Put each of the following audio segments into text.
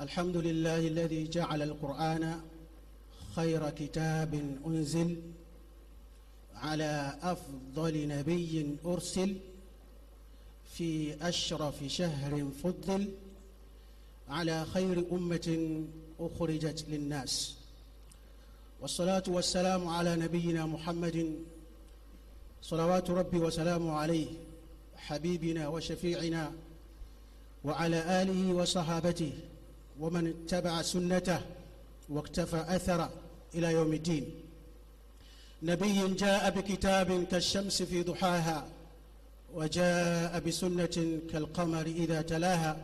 الحمد لله الذي جعل القرآن خير كتاب أنزل على أفضل نبي أرسل في أشرف شهر فضل على خير أمة أخرجت للناس والصلاة والسلام على نبينا محمد صلوات ربي وسلامه عليه حبيبنا وشفيعنا وعلى آله وصحابته ومن اتبع سنته واكتفى أثره إلى يوم الدين نبي جاء بكتاب كالشمس في ضحاها وجاء بسنة كالقمر إذا تلاها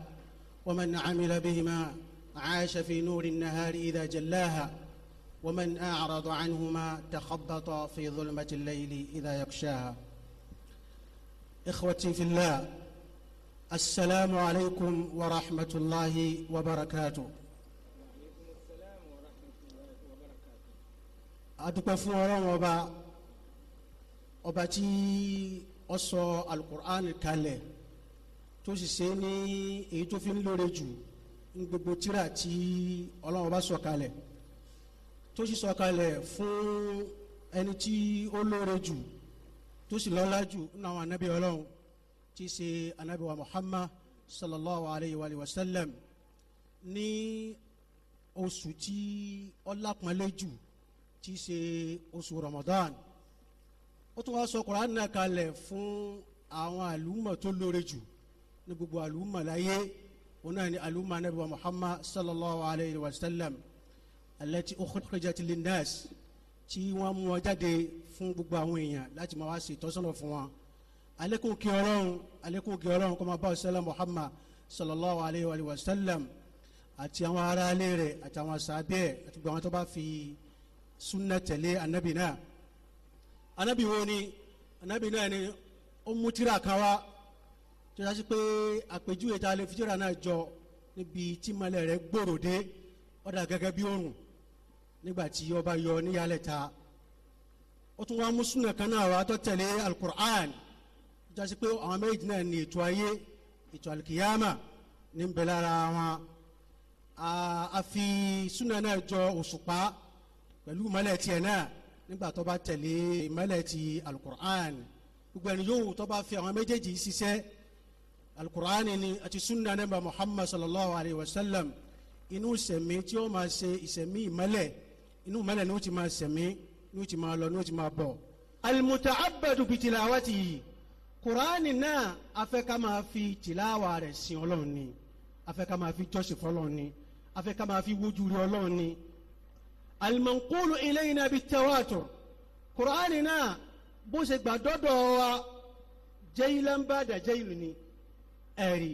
ومن عمل بهما عاش في نور النهار إذا جلاها ومن أعرض عنهما تخبط في ظلمة الليل إذا يغشاها إخوتي في الله السلام عليكم ورحمة الله وبركاته adúpẹ́ fún ọlọ́run ọba ọba tí ó sọ alukur'an kalẹ̀ tó sì ṣe ní èyí tó fi ń lóore jù ní gbogbo tírà tí ọlọ́run ọba sọ kalẹ̀ tó sì sọ kalẹ̀ fún ẹni tí ó lóore jù tó sì lọ́lá jù nínú àwọn anábì ọlọ́run tí ṣe anabi wa muhammad sallallahu alayhi wa sallam ní oṣù tí ọlápọ̀nlẹ́jù tí ṣe oṣù ramadan ó tún wá sọ kuran náà kalẹ̀ fún àwọn àlùmọ̀ tó lóore jù ní gbogbo àlùmọ̀ láyé wọn náà ní àlùmọ̀ anabi wa muhammad sallallahu alayhi wa sallam alẹ́tí ukhrijat linnas tí wọ́n mú ọ jáde fún gbogbo àwọn èèyàn láti máa wá ṣètọ́sọ́nà fún wọn alekun kí ọlọ́run alekun kí ọlọ́run kọ́má bá ọ̀sẹ́lá muhammad sallallahu alayhi wa sallam àti àwọn ará alẹ́ rẹ̀ àti àwọn sàbẹ̀ àti gbogbo àwọn tó bá fi sunna tẹ̀lé anabi náà anabi wo ni anabi náà ni ó mú tírà kan wá tó yá sí pé àpèjúwe tá a lè fi tírà náà jọ níbi tí malẹ̀ rẹ̀ gbòòrò dé ó dà ta ó tún wá mú sunna kan náà wá tó tẹ̀lé alukur'an jásí pé àwọn méjì náà ní ètò ayé ètò àlìkìyàmà ní ń wọn a fi súnà náà jọ òṣùpá pẹ̀lú ìmọ̀lẹ̀ tiẹ̀ náà nígbà tó bá tẹ̀lé ìmọ̀lẹ̀ ti alukur'an gbogbo ẹni yóò tó bá fi àwọn méjèèjì ṣiṣẹ́ alukur'an ni àti súnà nàbà muhammad sallallahu alayhi wa sallam inu sẹ̀mí tí ó máa ṣe ìsẹ̀mí ìmọ̀lẹ̀ inú ìmọ̀lẹ̀ ni ó ti máa sẹ̀mí ni ó ti máa lọ ni ó ti máa bọ̀. almutaabadu bitilawati yìí kùránì náà afẹ́ká máa fi tìláwà rẹ̀ sin ọlọ́run ni afẹ́ká máa fi jọ́sìn fọlọ́run ni afẹ́ká máa fi wojú rí ọlọ́run ni alimankulu ilayna bitawatur kùránì náà bó ṣe gbà dọ́dọ̀ wa jẹ́yìnlẹ́mbàdà jẹ́yìnlú ni ẹ̀rí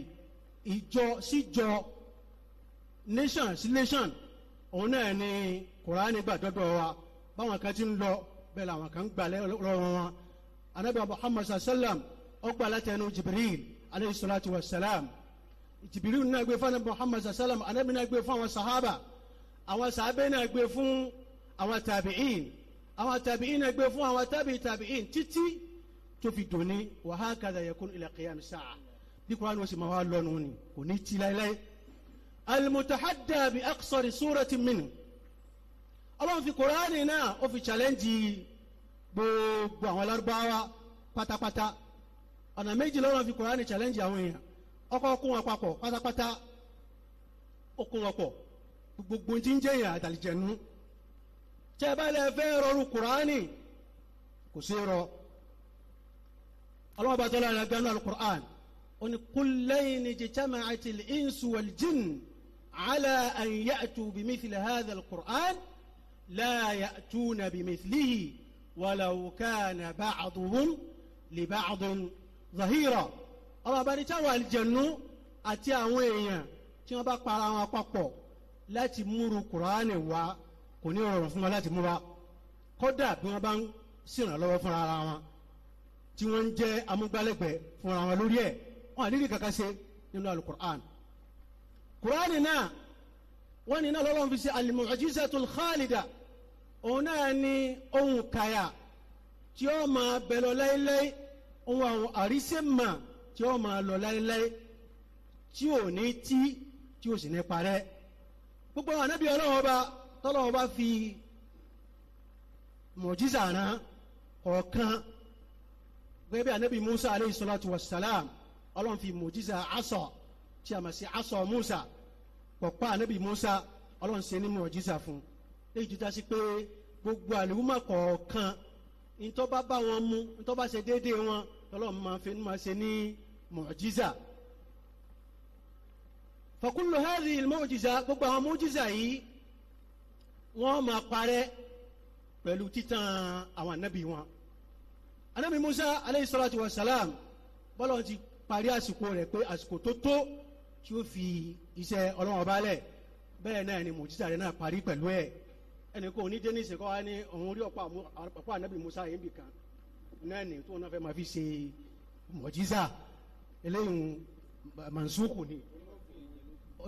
ìjọ síjọ nation sí nation òun náà ni kùránì gbà dọ́dọ̀ wa báwọn kan ti ń lọ bẹ́ẹ̀ làwọn kan ń gbà lọ́wọ́ wọn anabi muhammad sallam ọgbà látẹnu jibril aleyhi salatu wa salam jibril náà gbé fún anabi muhammad sallam anabi náà gbé fún àwọn sahaba àwọn sahabe náà gbé fún àwọn tabi'in àwọn tabi'in náà gbé fún àwọn tabi'in tabi'in títí tó fi dòní wa hakadha yakun ila qiyam sa'a bí kuran wọ́n sì máa wá lọ́nu ni kò ní ti láéláé almutahadda bi surati minhu ọlọ́run fi kuraani náà ó fi challenge gbogbo àwọn Lárúbáwá pátápátá. ọ̀nà méjì lọ́rọ̀ fi kùránì challenge àwọn èèyàn ọkọ̀ kún wọn papọ̀ pátápátá ó kún wọn pọ̀ gbogbo tí ń jẹ́ èèyàn àtàlìjẹ̀nu tẹ́ ẹ bá lẹ fẹ́ rọrùn kùránì kò sí rọ ọlọ́wọ́ bá tọ́lá ẹ̀rọ gánà alukur'an ó ní kullayn ijtama'ati al-insu wal-jinn ala an ya'tu bimithli hadha al-Qur'an la ya'tuna bimithlihi walau kana ba'duhum li ba'din. zahira ọba bá ní táwọn àlìjẹ̀nú àti àwọn èèyàn tí wọ́n bá para wọn papọ̀ láti múru kùránì wá kò ní rọrùn fún wọn láti mú wa kódà bí wọ́n bá ń ṣèrànlọ́wọ́ fúnra ara wọn tí wọ́n ń jẹ́ amúgbálẹ́gbẹ̀ẹ́ fúnra wọn lórí ẹ̀ wọn àdídì kankan ṣe nínú alukur'an kùránì náà wọ́n ní náà lọ́wọ́ fi ṣe al-mu'jizatul khalida òun náà ní ohun kàyà tí ó máa bẹ̀rọ láéláé ohun àwọn àrísẹ́mà tí ó máa lọ láéláé tí ò ní tí tí ò sì ní parẹ́ gbogbo ànábì ọlọ́run ọba tọ́lọ́run ọba fi mọ̀jísà rán ọ̀kan gẹ́gẹ́ ànábì Musa aleyhi salatu wa salam ọlọ́run fi mọ̀jísà asọ̀ tí a mọ̀ sí asọ̀ Musa pọ̀pá ànábì Musa ọlọ́run ṣe ní mọ̀jísà fún un léyìí tó dá sí pé gbogbo àlùmọ̀ kọ̀ọ̀kan ntọ́ bá bá wọn mu ntọ́ bá ṣe déédéé wọn lọ́lọ́run máa fi máa ṣe ní mọ̀jísà fọkúlù hẹ́rì mọ̀jísà gbogbo àwọn mọ̀jísà yìí wọ́n máa parẹ́ pẹ̀lú títàn àwọn anábì wọn anábì Musa aleyhi salatu wa salam bọ́lá ti parí àsìkò rẹ̀ pé àsìkò tó tó tí ó fi iṣẹ́ ọlọ́wọ́n balẹ̀ bẹ́ẹ̀ náà ni mọ̀jísà rẹ̀ náà parí pẹ̀lú ẹ̀ ẹnìkan òní dénì sèkọ́ wa ní òun rí ọ̀pọ̀ anabi Musa yẹn bìkan náà ní tó náà fẹ́ máa fi ṣe mọ̀jísà eléyìí mansuku ni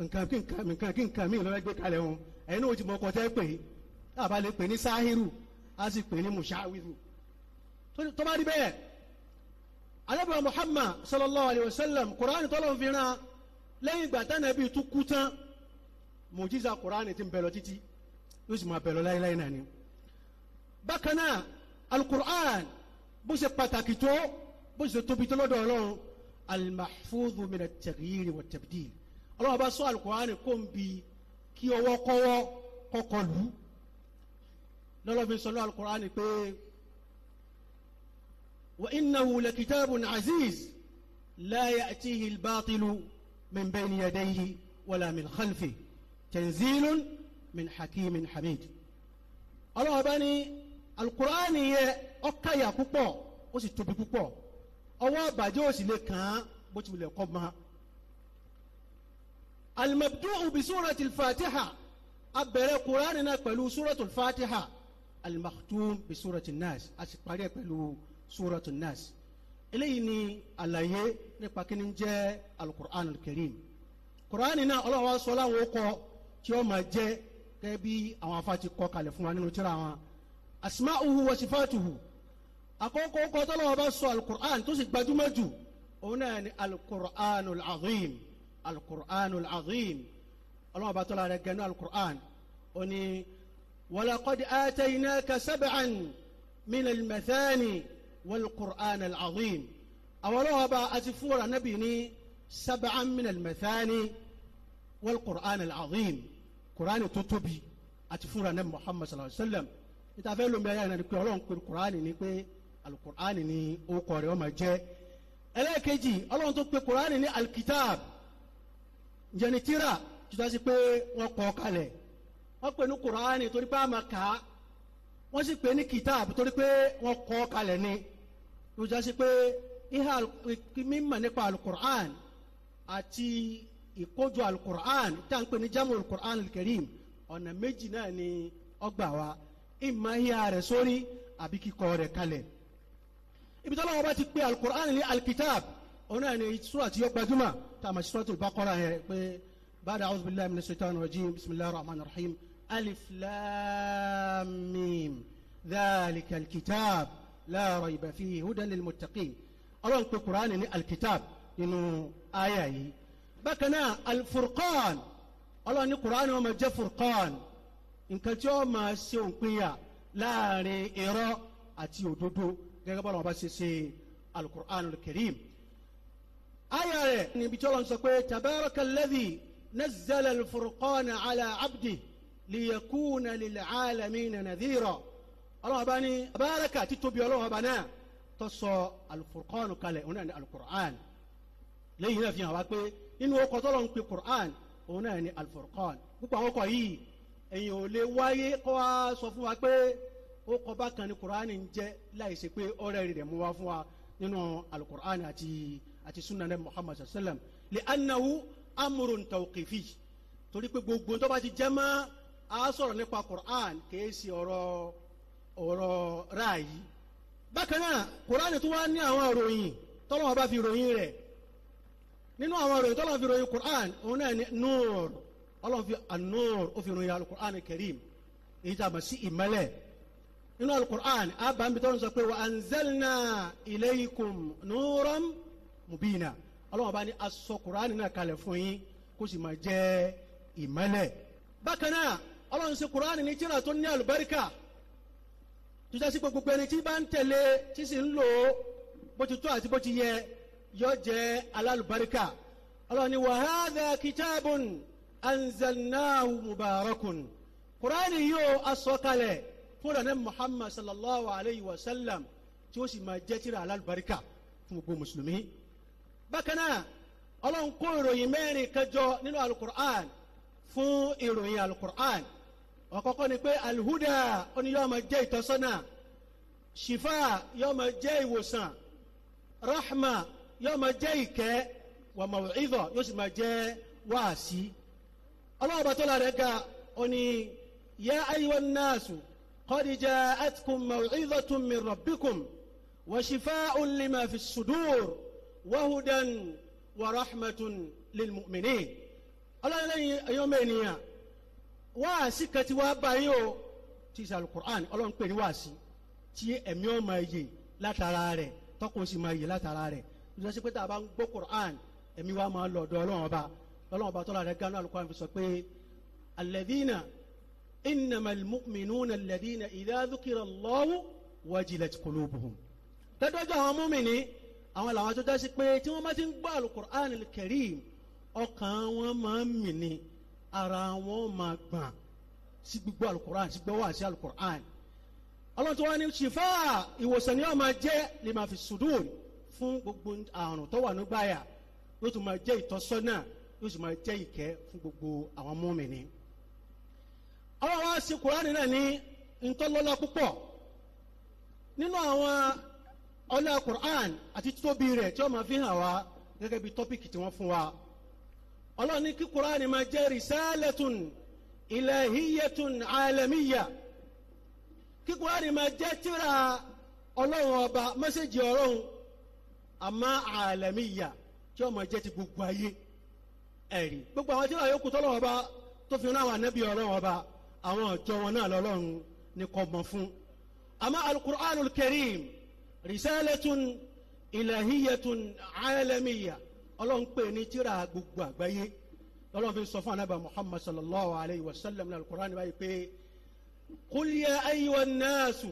nǹkan kí nǹkan nǹkan kí nǹkan mi lọ́wọ́ gbé kalẹ̀ wọn ẹ̀yin náà ó ti mọ ọkọ̀ tẹ́ pè é àbá lè pè ní sáhírù á sì pè ní mushawiru tó rí bẹ́ẹ̀ alábàá Muhammad sallallahu alayhi wa sallam kuraani tọ́lọ̀ fi ràn lẹ́yìn ìgbà tánàbí tó kú tán mọ̀jísà kuraani ti ń bẹ̀rẹ̀ títí. يسمى بلو لا إله إلا بكنا القرآن بوش باتاكيتو بوش توبيتو لدولون المحفوظ من التغيير والتبديل الله بس القرآن كم بي كي وقوة قلو لولا في صلوا القرآن بي وإنه لكتاب عزيز لا يأتيه الباطل من بين يديه ولا من خلفه تنزيل min hakimin hamid ọlọ́run ọba ní alukur'ani yẹ ọkàyà púpọ̀ ó sì tóbi púpọ̀ ọwọ́ àbàjẹ́ ò sì lè kàn án bó ti wulẹ̀ kọ́ máa alimabdu'u bi suratul fatiha abẹ̀rẹ̀ kur'ani náà pẹ̀lú suratul fatiha alimaktum bi suratul nas a sì parí ẹ̀ pẹ̀lú suratul nas eléyìí ni àlàyé nípa kíni jẹ́ alukur'an alkarim kur'ani náà ọlọ́run wa sọ láwọn tí ó máa jẹ́ gẹ́gẹ́ bí àwọn afa ti kọ kalẹ̀ fún wa nínú tírà wọn asma'uhu wa sifatuhu àkọ́kọ́ kọ́tọ́lọ́ wọn bá sọ alukur'an tó sì gbajúmọ̀ jù òun náà ni alukur'anul azim alukur'anul azim ọlọ́wọ́n bá tọ́lá rẹ̀ gẹ́nu alukur'an ó ní walaqad ataynaka sab'an minal mathani walukur'anul azim àwọn ọlọ́wọ́n bá a ti fún minal mathani walukur'anul azim kuraani tó tóbi àti fúnra ní muhammad sallallahu alayhi wa sallam níta fẹ́ lómi ayé àná ni pé ọlọ́run pé kuraani ni pé alukuraani ni ó kọ rẹ̀ ó máa jẹ́ ẹlẹ́ẹ̀kejì ọlọ́run tó pé kuraani ní alikitab njẹni tírà tuta sí pé wọ́n kọ́ kalẹ̀ wọ́n pè ní kuraani torí pé a máa kà á kitab torí pé wọ́n kọ́ kalẹ̀ ni tuta sí pé ìhà mímọ̀ nípa alukuraan àti ìkójọ alukur'an tá à ń pè ní jamu alukur'an alkarim ọ̀nà méjì náà ni ọgbà wa ìmọ̀ ìyá rẹ̀ sórí àbí kíkọ rẹ̀ kalẹ̀ ibi tọ́lá wọn bá ti pè alukur'an ní alkitab ọ̀nà ni sura tí yọ gbajúmọ̀ tá a ma ṣe suratul baqara yẹn pé bàdà a'udhu billahi minash shaitanir rajim bismillahir rahmanir rahim alif lam dhalika alkitab la rayba fihi hudan ọlọ́run pé kur'an ní alkitab nínú àyà yìí bákan náà alfurqan ọlọ́run ní kuraani wọn máa jẹ́ furqan nǹkan tí wọ́n máa ṣe òǹpinya láàrin irọ́ àti òdodo gẹ́gẹ́ bọ́lá wọn bá ṣe ṣe alukur'an al-karim. aya rẹ̀ níbi tí ọlọ́run sọ pé tabarakalladhi nazzala alfurqan ala abdi liyakuna lil'alamina nadhira ọlọ́run bá ní baraka títóbi ọlọ́run bá náà tó sọ kalẹ̀ òun náà lẹ́yìn náà fi hàn wá pé nínú ọkọ̀ tọ́lọ̀ ń pe Qur'an òun náà ni al-Furqan púpọ̀ àwọn ọkọ̀ yìí èyàn ò lè wáyé kó wá sọ fún wa pé ó kọ bákan ni Qur'an ń jẹ́ láì ṣe pé ọ̀rẹ́ rẹ̀ mú wa fún wa nínú al-Qur'an àti àti sunan rẹ̀ Muhammad sallam li annahu amrun tawqifi torí pé gbogbo tó bá ti jẹ́ mọ́ a sọ̀rọ̀ nípa Qur'an kìí ṣe ọ̀rọ̀ ọ̀rọ̀ ráàyí bákan náà Qur'an tó wá ní àwọn ìròyìn tọ́lọ́wọ́n bá fi ìròyìn rẹ̀ nínú àwọn ìròyìn tọ́lọ́ fi ròyìn Qur'an òun náà ni nur ọlọ́run fi anur ó fi ròyìn alukur'an karim èyí tá a mọ̀ sí ìmọ́lẹ̀ nínú alukur'an abambi tọ́lọ́ sọ pé wa anzalna ilaykum nuram mubina ọlọ́run bá ní aṣọ Qur'an náà kalẹ̀ fún yín kó sì máa jẹ́ ìmọ́lẹ̀ bákan náà ọlọ́run ṣe Qur'an ní tíra tó ní àlùbáríkà tó jásí gbogbo ẹni tí bá ń tẹ̀lé tí sì ń lò bó ti tó àti bó ti yẹ yóò jẹ́ alálùbáríkà Allah ni wa hadha kitabun anzalnahu mubarakun kuraani yóò asọ̀kalẹ̀ fúnra ní muhammad sallallahu alayhi wa sallam tí ó sì máa jẹ́ tírà alálùbáríkà fún gbogbo mùsùlùmí. bákan náà Allah kó ìròyìn mẹ́rin kẹjọ nínú alukur'an fún ìròyìn alukur'an ọ̀kọ́kọ́ ni pé alihuda ó ní yóò máa jẹ́ shifa yóò máa jẹ́ ìwòsàn rahma yóò máa jẹ́ ìkẹ́ wà maw'izah yóò sì máa jẹ́ wáàsí ọlọ́ọ̀bá tó lára ga ó ní ya ayyuhan nasu qad ja'atkum maw'izatun min rabbikum wa shifa'un lima fi sudur wa hudan wa rahmatun lil mu'minin ọlọ́run lẹ́yìn wáàsí kan wá báyìí o ti sàlù Qur'an ọlọ́run pè ní wáàsí tí ẹ̀mí ọmọ yìí látara rẹ̀ tọ́kùn sì máa yìí látara rẹ̀ lọ́sí pé tá a bá ń gbọ́ Qur'an ẹ̀mí wa máa lọ ọ̀dọ̀ ọlọ́run ọba ọlọ́run ọba tọ́lá rẹ̀ gánú alukóran fi sọ pé alladhina innamal mu'minuna alladhina idha dhukira Allahu wajilat qulubuhum. tẹ́tọ́jú àwọn múmìnì àwọn làwọn tó dá sí pé tí wọ́n bá ti ń gbọ́ alukóran al-karim ọkàn wọn máa ń mìíní ara wọn máa gbọ̀n sí gbígbọ́ alukóran sí gbọ́wọ́ àti alukóran ọlọ́run tó wá ní fún gbogbo àrùn tó wà nígbàyà yóò tún máa jẹ́ ìtọ́sọ́nà yóò tún máa jẹ́ ìkẹ́ fún gbogbo àwọn mùmínì. ọlọ́run wá sí kuraani náà ní ntọ́lọ́lá púpọ̀ nínú àwọn ọlá kuraan àti títóbi rẹ̀ tí wọ́n máa fi hàn wá gẹ́gẹ́ bí tọ́pìkì tí wọ́n fún wa. ọlọ́run ní kí kuraani máa jẹ́ rìsáàlẹ̀tùn ìlàhíyẹ̀tùn àlẹ́míyà kí kuraani máa jẹ́ tíra ọlọ́run ọba mẹ́sẹ̀jì ọlọ́run àmọ́ àlẹ́míyà tí ọmọ jẹ́ ti gbogbo ayé ẹ̀rí gbogbo àwọn tí wọ́n yókù tọ́lọ́wọ́ bá tó fi ráwọn anábì ọlọ́wọ́ bá àwọn ọ̀jọ́ wọn náà lọ́lọ́run ní kò mọ̀ fún. àmọ́ alukur'anul karim risalatun ilahiyatun alamiya ọlọ́run pè ní tíra gbogbo àgbáyé ọlọ́run fi sọ fún anábà muhammad sallallahu alayhi wa sallam ní alukur'an báyìí pé qul ya ayyuhan nasu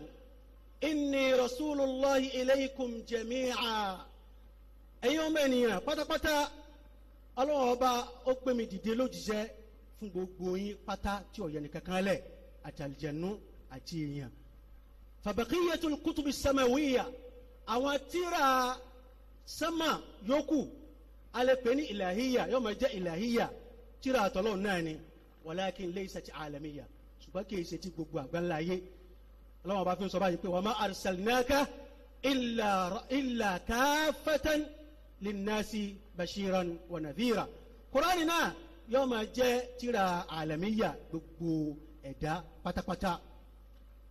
inni rasulullahi ilaykum jami'a ẹ̀yin ọmọ ènìyàn pátápátá ọlọ́wọ́ ọba ó pè mí dìde lójíṣẹ́ fún gbogbo yín pátá tí ọ̀yẹ́ nìkan kan lẹ̀ àti àlìjẹ̀nú àti èèyàn fabaqiyatul kutubi samawiyya àwọn tíra sama yòókù alẹ́ pé ní ìlàhíyà yóò máa jẹ́ ìlàhíyà tíra àtọ́lọ́ náà ni walakin laysat alamiya ṣùgbọ́n kì í ṣe ti gbogbo àgbáńlá ayé ọlọ́wọ́n fi ń sọ báyìí pé wa ma arsalnaka illa illa kaafatan linnasi bashiran wa nadhira kurani náà yóò máa jẹ́ tírà alamiya gbogbo ẹ̀dá pátápátá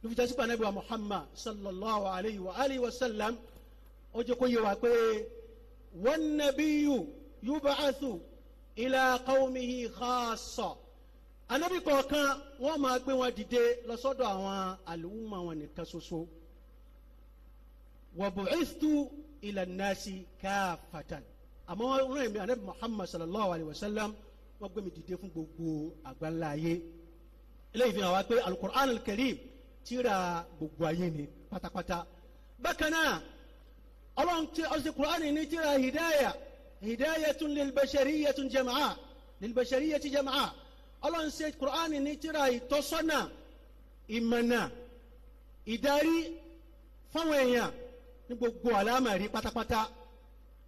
lufitasipa anabi wa muhammad sallallahu alayhi wa alihi wa sallam ó jẹ́ kó yé wa pé wan nabiyyu yub'athu ila qawmihi khassa anabi kọ̀ọ̀kan wọ́n máa gbé wọn dìde lọ àwọn àlùmọ̀ wọn nìkan ṣoṣo wa bu'ithtu ila nasi káfàtàn àmọ́ wọ́n rán èmi anabi muhammad sallallahu alayhi wa sallam wọ́n gbé mi dìde fún gbogbo àgbáńlá ayé eléyìí fi hàn wá pé alukur'an alkarim tírà gbogbo ayé ni pátápátá bákan náà ọlọ́run ti ọ̀sẹ̀ kur'an ní tírà hidaya hidayatun lilbashariyatun jama'a lilbashariyati jama'a ọlọ́run ṣe kur'an ní tírà ìtọ́sọ́nà ìmọ̀nà ìdarí fáwọn èèyàn ní gbogbo àlámàrí pátápátá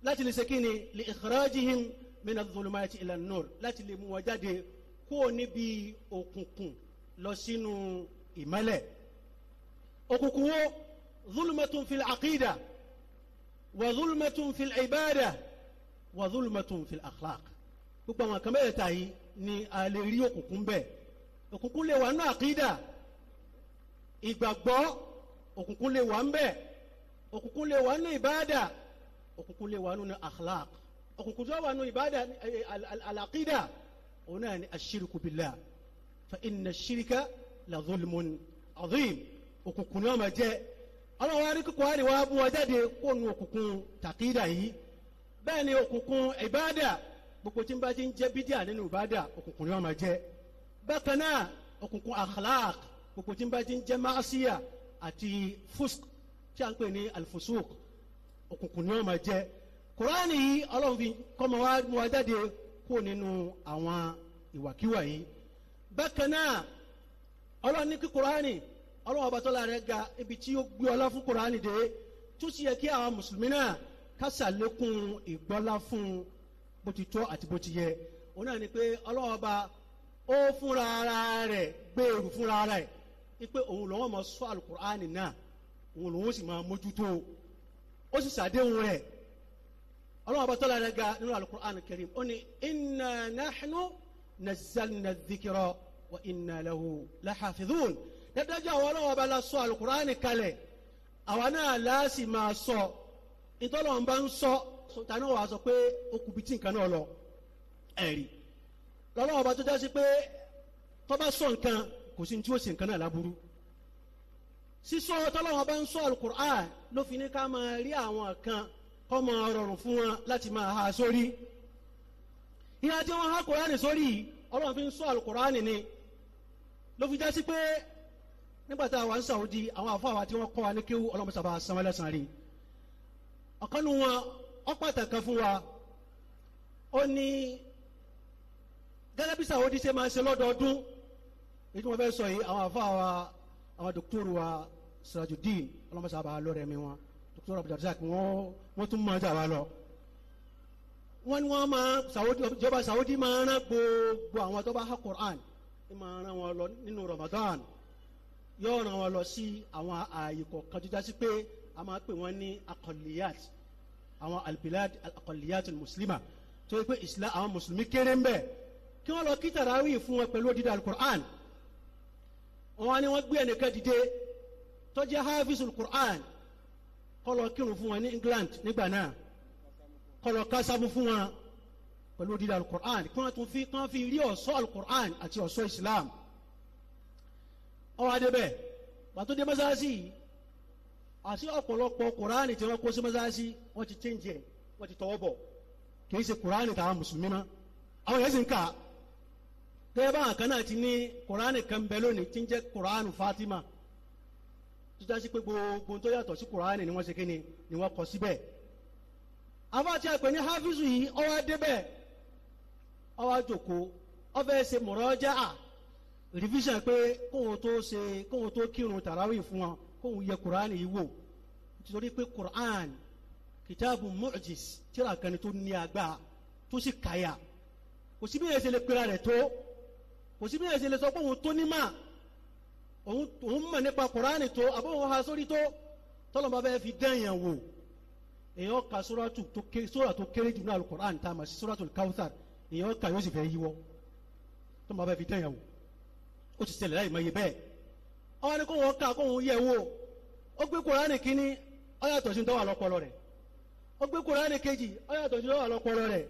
láti lè ṣe kí ni li ikhrajihim min adh-dhulumati ila an-nur láti lè mú wọn jáde kúrò níbi òkùnkùn lọ sínú ìmọ́lẹ̀ òkùnkùn wo zulmatun fil aqida wa zulmatun fil ibada wa zulmatun fil akhlaq gbogbo àwọn kan mẹ́rẹ̀ẹ̀ta yìí ni a lè rí òkùnkùn bẹ́ẹ̀ òkùnkùn lè wà nínú àkídà ìgbàgbọ́ òkùnkùn lè wà ń òkùnkùn lè wà nù ìbáàdà òkùnkùn lè wà nù ní akhlaq òkùnkùn tó wà nù ìbáàdà eh, eh, alaqida òun náà ni ashiriku billah fa inna shirika la zulmun azim òkùnkùn ni wọ́n máa jẹ́ ọlọ́wọ́ aríkùkù àrí wa bú wa jáde kó nu òkùnkùn tàkídà yìí bẹ́ẹ̀ ni òkùnkùn ìbáàdà gbogbo tí n bá ti ń jẹ́ bídíà nínú ìbáàdà òkùnkùn ni wọ́n máa jẹ́ bákan náà òkùnkùn akhlaq gbogbo tí n bá ti ń jẹ́ máàsíyà àti fusk tí a ń pè ni wọ́n máa jẹ́ kùránì yìí ọlọ́run fi kọ́mọ wa mú wa jáde kó nínú àwọn ìwàkiwà yìí bákan náà ọlọ́run ní kí ga ibi tí ó gbé dé yẹ kí àwọn mùsùlùmí náà kásàlékún ìgbọ́lá fún bó ti tọ́ àti bó ti yẹ òun náà ni pé ọlọ́run ọba ó fúnra ara gbèrú fúnra rẹ̀ wípé òun òun lòun ó sì máa mójútó ó sì ṣàdéhùn rẹ̀ ọlọ́wọ́n bá tọ́lá rẹ̀ ga nínú al-Qur'an al-Karim ó ní inna nahnu nazzalna dhikra wa inna lahu lahafidhun dájú àwọn ọlọ́wọ́n bá la sọ al kalẹ̀ àwa náà láàsì máa sọ ìtọ́lọ́wọ́n bá ń sọ tani wàá sọ pé ó kù bìtì nǹkan náà lọ ẹ̀rí lọ́wọ́n bá tó sí pé tọ́ba sọ nǹkan kò sí ní tí ó sì nǹkan náà láburú sísọ tọ́lọ́wọ́n bá ń sọ alukur'an ló fi ní ká máa rí àwọn kan kọ́ máa rọrùn fún wọn láti máa ha sórí ìhà tí wọ́n há kùránì sórí ọlọ́run fi ń sọ alukur'an ni ló fi já sí pé nígbà tá a wà Saudi àwọn àfọwà tí wọ́n kọ́ wa ní kíw ọlọ́run sábà san wọ́n lẹ́sàn-án rí ọ̀kan nu wọn ọ̀pọ̀tàn kan fún wa ó ní gẹ́gẹ́ bí Saudi ṣe máa ṣe lọ́dọọdún èyí tí wọ́n fẹ́ sọ yìí àwọn àfọwà àwọn dòkítọ́rù wa Sirajudeen ọlọ́mọṣẹ́ àbá lọ́rẹ̀ mi wọn dókítà Abdulrasaq wọn wọn tún máa jà wá lọ. wọ́n ní wọ́n máa Saudi ìjọba Saudi máa rán gbogbo àwọn tó bá ha Quran ní máa rán wọn lọ nínú Ramadan yóò rán wọn lọ sí àwọn ààyè kọ̀ọ̀kan tó jásí pé a máa pè wọ́n ní akọ̀lìyàt àwọn albilad akọ̀lìyàt muslima tó yẹ pé Islam àwọn mùsùlùmí kéré ń bẹ kí wọ́n lọ kí tarawih fún wọn pẹ̀lú odidi alukur'an wọn ni wọ́n gbé ẹnìkan dìde tó jẹ́ hafisul Qur'an kọlọ kírun fún wọn ní England nígbà náà kọlọ kásámú fún wọn pẹ̀lú dídá alukur'an kí wọ́n tún fi kí wọ́n fi rí ọ̀ṣọ́ alukur'an àti ọ̀ṣọ́ islam ọwọ́ adébẹ̀ pàtó dé mọ́sáàsì àti ọ̀pọ̀lọpọ̀ kur'an tí wọ́n kó sí mọ́sáàsì wọ́n ti change ẹ̀ wọ́n ti tọwọ́ bọ̀ kì í ṣe kur'an tàwa mùsùlùmí mọ́ àwọn yẹn sì ń kà á tẹ́lẹ̀ àkànnà ti ní kur'an kan bẹ lónìí tí ń jẹ́ kur'an fatima tó dá sí pé gbogbo tó yàtọ̀ sí kùránì ni wọ́n ṣe kíni ni wọ́n kọ síbẹ̀ àpè ní hafizu yìí ó débẹ̀ ó wá jókòó ṣe mọ̀rọ́jà revision pé tó ṣe kóun tó kírun tàràwì fún wọn kóun yẹ kùránì yìí wò nítorí pé kìtàbù tíra kan tó ní tó sì ṣe lè pera rẹ̀ òun mọ̀ nípa kùránì tó àbóhùn ha sórí tó tọ́lọ́mọ bẹ́ẹ̀ fi dẹ́yàn wò èèyàn ka sóràtù tó kéré sórà tó kéré jù náà alukur'an tá a mọ̀ sí sóràtù kawthar èèyàn ka yóò sì fẹ́ yíwọ́ tọ́lọ́mọ bẹ́ẹ̀ fi dẹ́yàn wò ó ti ṣẹlẹ̀ láì mọ̀ iye bẹ́ẹ̀ ọwọ́ ni kó wọ́n ka kó wọ́n yẹ̀ wò ó gbé kùránì kínní ó yàtọ̀ sí dọ́wà lọ́pọlọ rẹ̀ ó gbé kùránì kejì ó yàtọ̀ sí dọ́wà lọ́pọlọ rẹ̀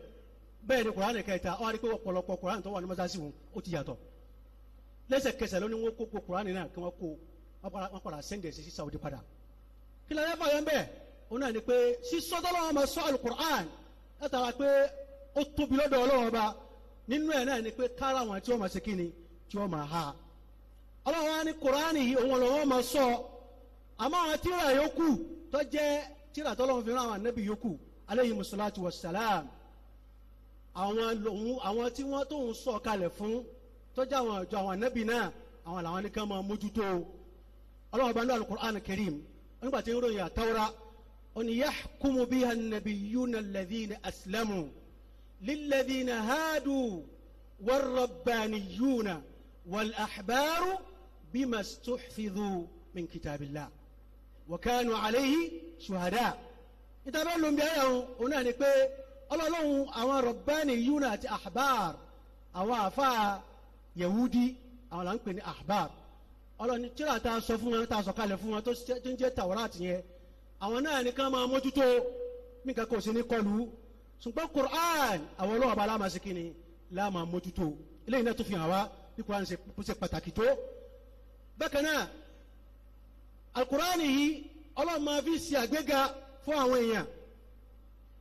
bẹ́ẹ̀ ni kùránì kẹta ó wá rí pé ọ̀pọ̀lọpọ̀ kùránì tó wà ní mọ́sáàsì wọn ó ti yàtọ̀ lẹ́sẹ̀kẹsẹ̀ ló ní wọ́n kó kuraani náà kí wọ́n kó wọ́n padà sẹ́ńdẹ̀ sí Saudi padà kí lẹ́yìn fàyọ̀ ń bẹ̀ òun náà ni pé sísọ tó lọ́wọ́ ma sọ alukur'an látara pé ó tóbi lọ́dọ̀ Ọlọ́run ọba nínú ẹ̀ náà ni pé kára wọn tí wọ́n ma ṣe kí ni tí wọ́n ma ha Ọlọ́run wa ni kuraani yìí òun lọ́wọ́ ma sọ àmọ́ àwọn tíra yòókù tó jẹ́ tíra tó lọ́wọ́ fi rán àwọn anábì yòókù aleyhi musalatu wa salam àwọn tí wọ́n tó ń sọ kalẹ̀ fún tọ́jà àwọn àjọ àwọn ànábì náà àwọn làwọn ní kàn máa mójútó ọlọ́wọ́n bá ń lọ alukur'an karim nígbà tí ń ròyìn àtàwọ́rá oni yaxkumu biha nabiyuna alladhina aslamu lilladhina haadu warrabbaniyuna walaxbaaru bima stuxfidhu min kitaabillah wakanu alayhi shuhada ìtàbẹ́ lombi ayàwó òun náà ni pé ọlọ́lọ́hun àwọn rọ̀bániyuna àti àxbáàr àwọn àfáà yahudi àwọn là ń pè ní ahbab ọlọ́ni tíra ta sọ fún wọn ta sọ kalẹ̀ fún wọn tó ń jẹ́ tawrat yẹn àwọn náà nìkan máa mójútó nǹkan kò sí ní kọlu ṣùgbọ́n Qur'an àwọn olóòwò bá láàmà sí kí ni láàmà mójútó eléyìí náà tó fi hàn wá bí Qur'an ṣe pàtàkì tó bákan náà al-Qur'an yìí ọlọ́run máa fi ṣe àgbéga fún àwọn èèyàn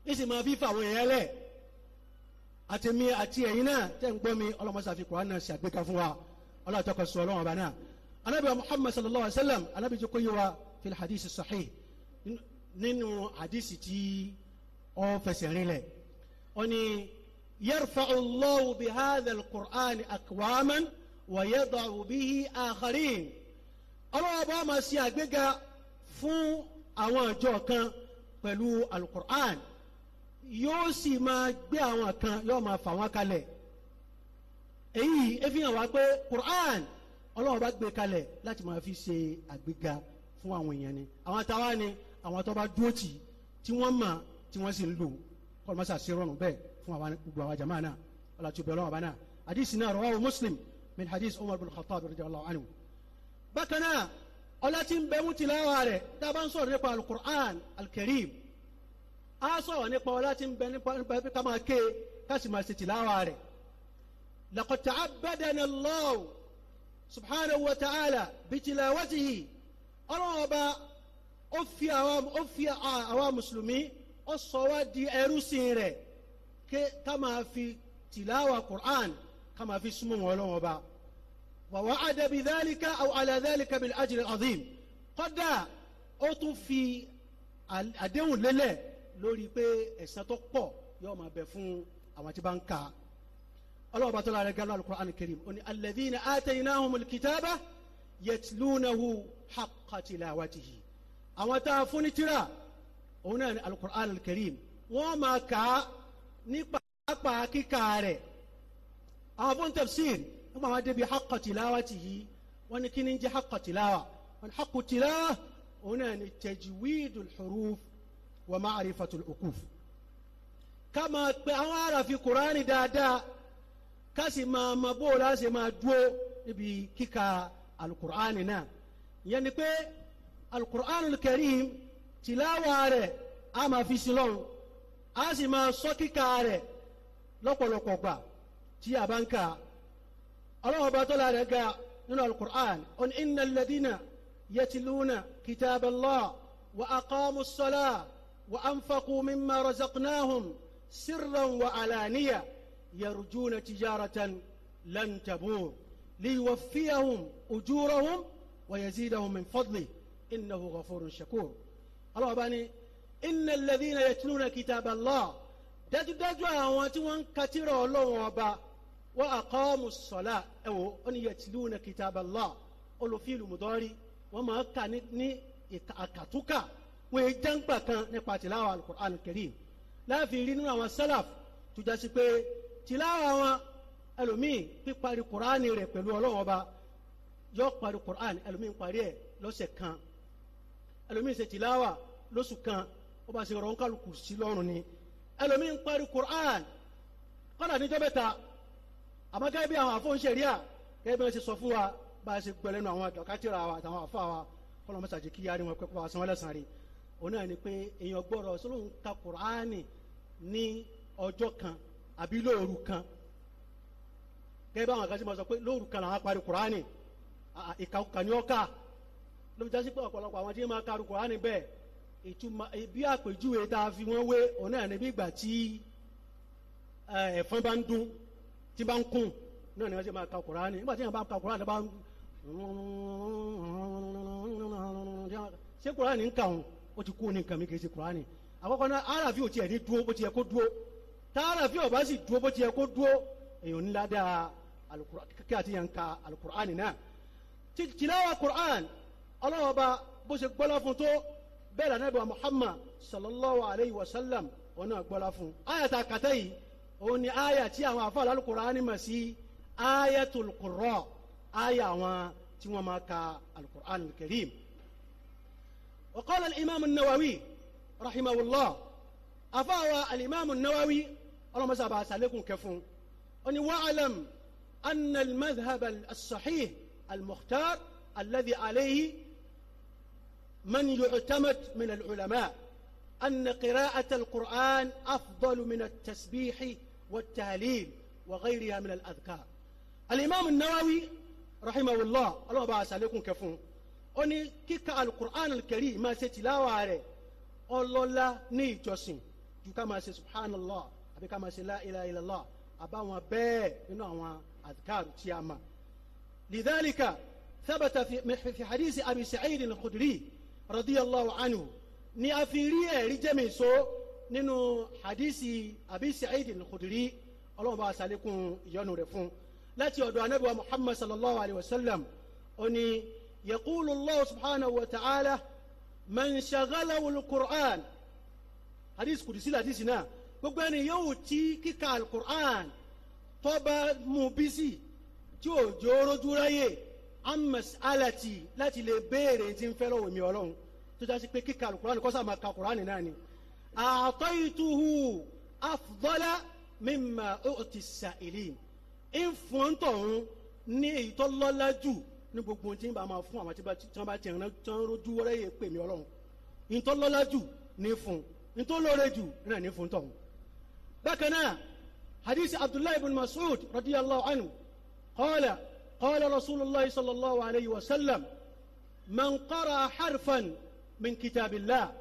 ní sì máa fi fa àwọn èèyàn lẹ́ẹ̀ àtẹ̀mí àti ẹ̀yin náà tẹ̀ ń gbọ́ mi ọlọ́mọṣàfi kùrán náà ṣàgbéga fún wa ọlọ́ọ̀tọ́kọ̀ sọ ọlọ́wọ́n ọba náà anabi muhammad sallallahu alayhi wa sallam anabi jókòó yìí wa fil hadith sahih nínú hadith tí ó fẹsẹ̀ rinlẹ̀ ó ní yarfa'u allahu bi hadha alqur'an akwaman wa yada'u bihi akharin ọlọ́wọ́n ọba máa ṣe àgbéga fún àwọn àjọ kan pẹ̀lú alqur'an yóò sì máa gbé àwọn kan yóò máa fà wọ́n kalẹ̀ èyí efi hàn wá pé Qur'an Ọlọ́run bá gbé kalẹ̀ láti máa fi ṣe àgbéga fún àwọn èèyàn ni àwọn táwa ni àwọn tó bá dúró tì tí wọ́n mọ̀ tí wọ́n sì ń lò kọ́ ló ṣe rọrùn bẹ́ẹ̀ fún àwọn gbogbo àwọn jama náà ọlọ́tí obìnrin ọlọ́wọ́ bá náà hadith náà rawahu Muslim min hadith Umar bin Khattab radiyallahu anhu bákan náà ọlọ́tí ń bẹ́ẹ̀ mú tìláwà rẹ̀ dábàá ń sọ̀rọ̀ nípa al-Qur'an al-Karim á sọ̀rọ̀ nípa ọlá tí ń bẹ nípa pé ká máa ké ká sì máa ṣe tìláwà rẹ̀ laqad ta'abbadana Allah subhanahu wa ta'ala bitilawatihi ọlọ́run ọba ó fi àwa mùsùlùmí ó sọ wá di ẹrú sìn rẹ̀ ká máa fi tìláwà Qur'an ká máa fi súnmọ́ wọn ọlọ́run ọba wa wa'ada bi dhalika aw ala dhalika bil ajri kọ́dà ó tún fi àdéhùn lélẹ̀ lórí pé ẹ̀san tó pọ̀ yóò máa bẹ fún àwọn tí bá ń ka ọlọ́wọ́ bá tó lára gánà al-Qur'an al-Karim ó ní alladhina ataynahumul kitaba yatlunahu haqqa tilawatihi àwọn tá a fún ní tírà òun náà ní al-Qur'an al-Karim wọ́n máa kà ní pàápàá kíkà rẹ̀ àwọn fún tafsir wọ́n máa débi haqqa tilawatihi wọ́n ní kí ni jẹ́ haqqa wọ́n haqqa tilawa òun náà ní tajwidul huruf wa ma'rifatul uquf ká máa pe àwọn àràfin kùránì dáadáa ká sì máa ma bó o láṣẹ máa dúró níbi kíka alukur'ani náà ìyẹn ni pé alukur'ani karim tìláwà rẹ̀ a máa fi sílọ́run a sì máa sọ kíka rẹ̀ lọ́pọ̀lọpọ̀ gbà tí a bá ń kà ọlọ́run ọba ga nínú alukur'ani on inna alladhina yatiluna kitaballah wa aqamu s وأنفقوا مما رزقناهم سرا وعلانية يرجون تجارة لن تبور ليوفيهم أجورهم ويزيدهم من فضله إنه غفور شكور الله أباني إن الذين يتلون كتاب الله dájúdájú àwọn آواتوا wọ́n الله katira وأقاموا الصلاة أو أن يتلون كتاب الله أولو فيل مداري وما máa ń kà wọ́n jẹ́ǹgbà kan nípa tìláwà alukur'an karim láàfin rí nínú àwọn sálàf tó jásí pé tìláwà wọn ẹlòmíì píparí kur'an rẹ̀ pẹ̀lú ọlọ́wọ́n ọba yọ parí kur'an ẹlòmíì parí ẹ̀ lọ́sẹ̀ kan ẹlòmíì ṣe tìláwà lóṣù kan ó bá ṣe rọ̀ ń kálukú sí lọ́rùn ni ẹlòmíì parí kur'an kọ́dà níjọ́ mẹ́ta àmọ́ gẹ́gẹ́ bí àwọn àfọ̀n ṣẹ̀ríà gẹ́gẹ́ bí wọ́n ṣe sọ fún wa bá a ṣe gbẹlẹ́nu àwọn àjọkátìrà wa àfọ̀ wa kọ́nà mọ́sàgì kíyàrí wọn pẹ́ kó bá rí i. òun náà ni pé èèyàn gbọ́rọ̀ ka kùránì ní kan àbí lóòru kan gẹ́gẹ́ báwọn kan sì máa sọ pé kan làwọn parí kùránì ìkàkùkà ni ó kà ló fi jásí pé ọ̀pọ̀lọpọ̀ àwọn tí wọ́n máa karù kùránì bẹ́ẹ̀ ìtumọ̀ bí àpèjúwe tá a fi wọ́n wé òun náà ni bí ìgbà tí eh, ẹ̀fọn bá ń dún tí bá ń náà ni wọ́n máa ka kùránì nígbà tí wọ́n bá ka kùránì ó ti kú ní nǹkan mi kì í ṣe kùránì àkọ́kọ́ náà arafi ò tiẹ̀ ní dúó bó tiẹ̀ kó dúó tá arafi ò bá sì dúó bó tiẹ̀ kó dúó èèyàn ńlá dáa kí àti yàn ka alukur'ani náà tìláwà kur'an ọlọ́wọ́ba bó ṣe gbọ́lá fún tó bẹ́ẹ̀ lànà ìbọn muhammad sallallahu alayhi wa sallam òun náà gbọ́lá fún ayàtà kàtà yìí òun ni ayà tí àwọn àfáà alukur'ani mà sí ayatul qurra ayà àwọn tí wọ́n máa ka alukur'ani karim. وقال الإمام النووي رحمه الله أفاوى الإمام النووي اللهم صل على كفون أني واعلم أن المذهب الصحيح المختار الذي عليه من يعتمد من العلماء أن قراءة القرآن أفضل من التسبيح والتهليل وغيرها من الأذكار الإمام النووي رحمه الله اللهم بعث عليكم كفون ó ní kíka alukur'an al-karim máa ṣe tìláwà rẹ̀ ọlọ́lá ní ìjọsìn ju ká máa ṣe subhanallah àbí ká máa ṣe la ilaha illallah àbáwọn bẹ́ẹ̀ nínú àwọn adhkar tí a mọ̀. lidhalika thabata fi hadisi abi sa'id al-khudri radiyallahu anhu ni a fi rí ẹ̀rí jẹ́mi so nínú hadisi abi sa'id al-khudri ọlọ́run bá ṣàlékún ìyọ́nú rẹ̀ fún láti ọ̀dọ̀ anábìwá muhammad sallallahu alayhi wa sallam ó ní. يقول الله سبحانه وتعالى من شغله القرآن حديث قدسي لا تسنا gbogbo ẹni yóò tí kíka alukur'an tó bá mú bísí tí ò jó rojú ráyè amas alati láti lè béèrè tí ń fẹ́ lọ́wọ́ mi ọlọ́run tó já sí pé kíka alukur'an kọ́ sáà máa ka alukur'an náà ni. àtọ́yìtuhu afdọ́lá mímà ó ti sàìlì ń fún tọ̀hún ní èyí tó lọ́lá jù ní gbogbo tí ń bá tí fún àwọn tí wọ́n bá tiẹ̀ náà tí wọ́n rojú wọ́rẹ́ yẹn pè mí ọlọ́run ntọ́lọ́lá jù ní fún ntọ́lọ́rẹ́ jù náà ní fún tọ̀hún. bákan náà hadith abdullahi ibn mas'ud radiyallahu anhu qala qala rasulillah sallallahu alayhi wa sallam man qara harfan min kitabillah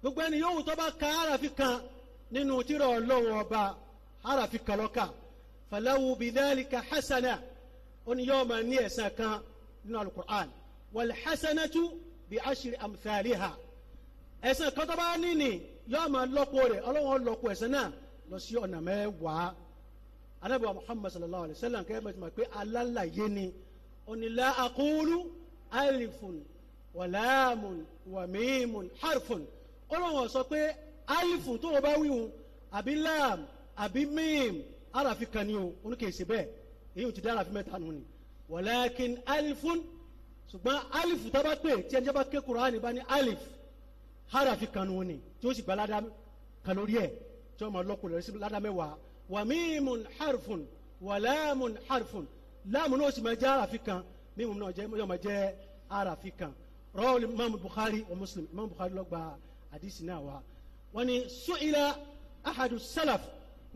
gbogbo ẹni yóò tó bá ka harafi kan nínú tírà ọlọ́wọ́ ọba harafi kalọ́ka falawu bidhalika hasana ó ní yóò máa ní ẹ̀san kan. nínú alukur'an wal hasanatu bi ashiri amthaliha ẹ̀san kan tó bá ní ni yóò máa lọ́pọ̀ rẹ̀ ọlọ́wọ́n lọ́pọ̀ ẹ̀san náà lọ sí ọ̀nà mẹ́wàá anábìwá muhammad sallallahu alayhi wa sallam kẹ́ ẹ bá ti mọ̀ pé alálàyé ni onílà àkúrú alifun wàlámùn wàmíìmùn harfun ọlọ́wọ́n sọ pé alifun tó o bá wíwun àbí láàmù àbí míìm aráàfin kan ni o oníkèésì bẹ́ẹ̀ èyí ò ti dá aráàfin mẹ́ta nù ni walakin alifun ṣùgbọ́n alifu tó bá pè tí ẹni tó bá ké kuraani bá ní alif harafi kanu ni tí ó sì gba ládàá kalori ẹ̀ tí ó máa lọ́kùnrin rẹ̀ sí ládàá mẹ́wàá wàmíìmùn harfun wàlámùn harfun láàmù náà sì máa jẹ́ harafi kan mímu náà jẹ́ yóò máa jẹ́ harafi kan rọ́ọ̀lì imaamu bukhari wa muslim imaamu bukhari ló gba àdìsí náà wá wọ́n ní su'ila ahadu salaf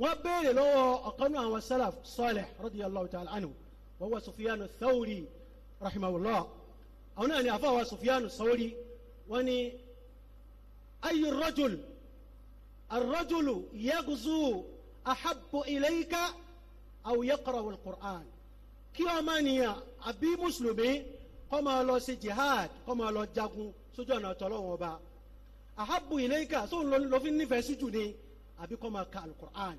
wọ́n béèrè lọ́wọ́ ọ̀kanú àwọn salaf salih radiyallahu ta'ala anhu. وهو سفيان الثوري رحمه الله هنا نعفوه سفيان الثوري وني أي الرجل الرجل يغزو أحب إليك أو يقرأ القرآن كيو مانيا أبي مسلمي كما لو سي جهاد كما لو جاغون سجونا تولون وبا أحب إليك سون لو في نفسي سجوني أبي كما كالقرآن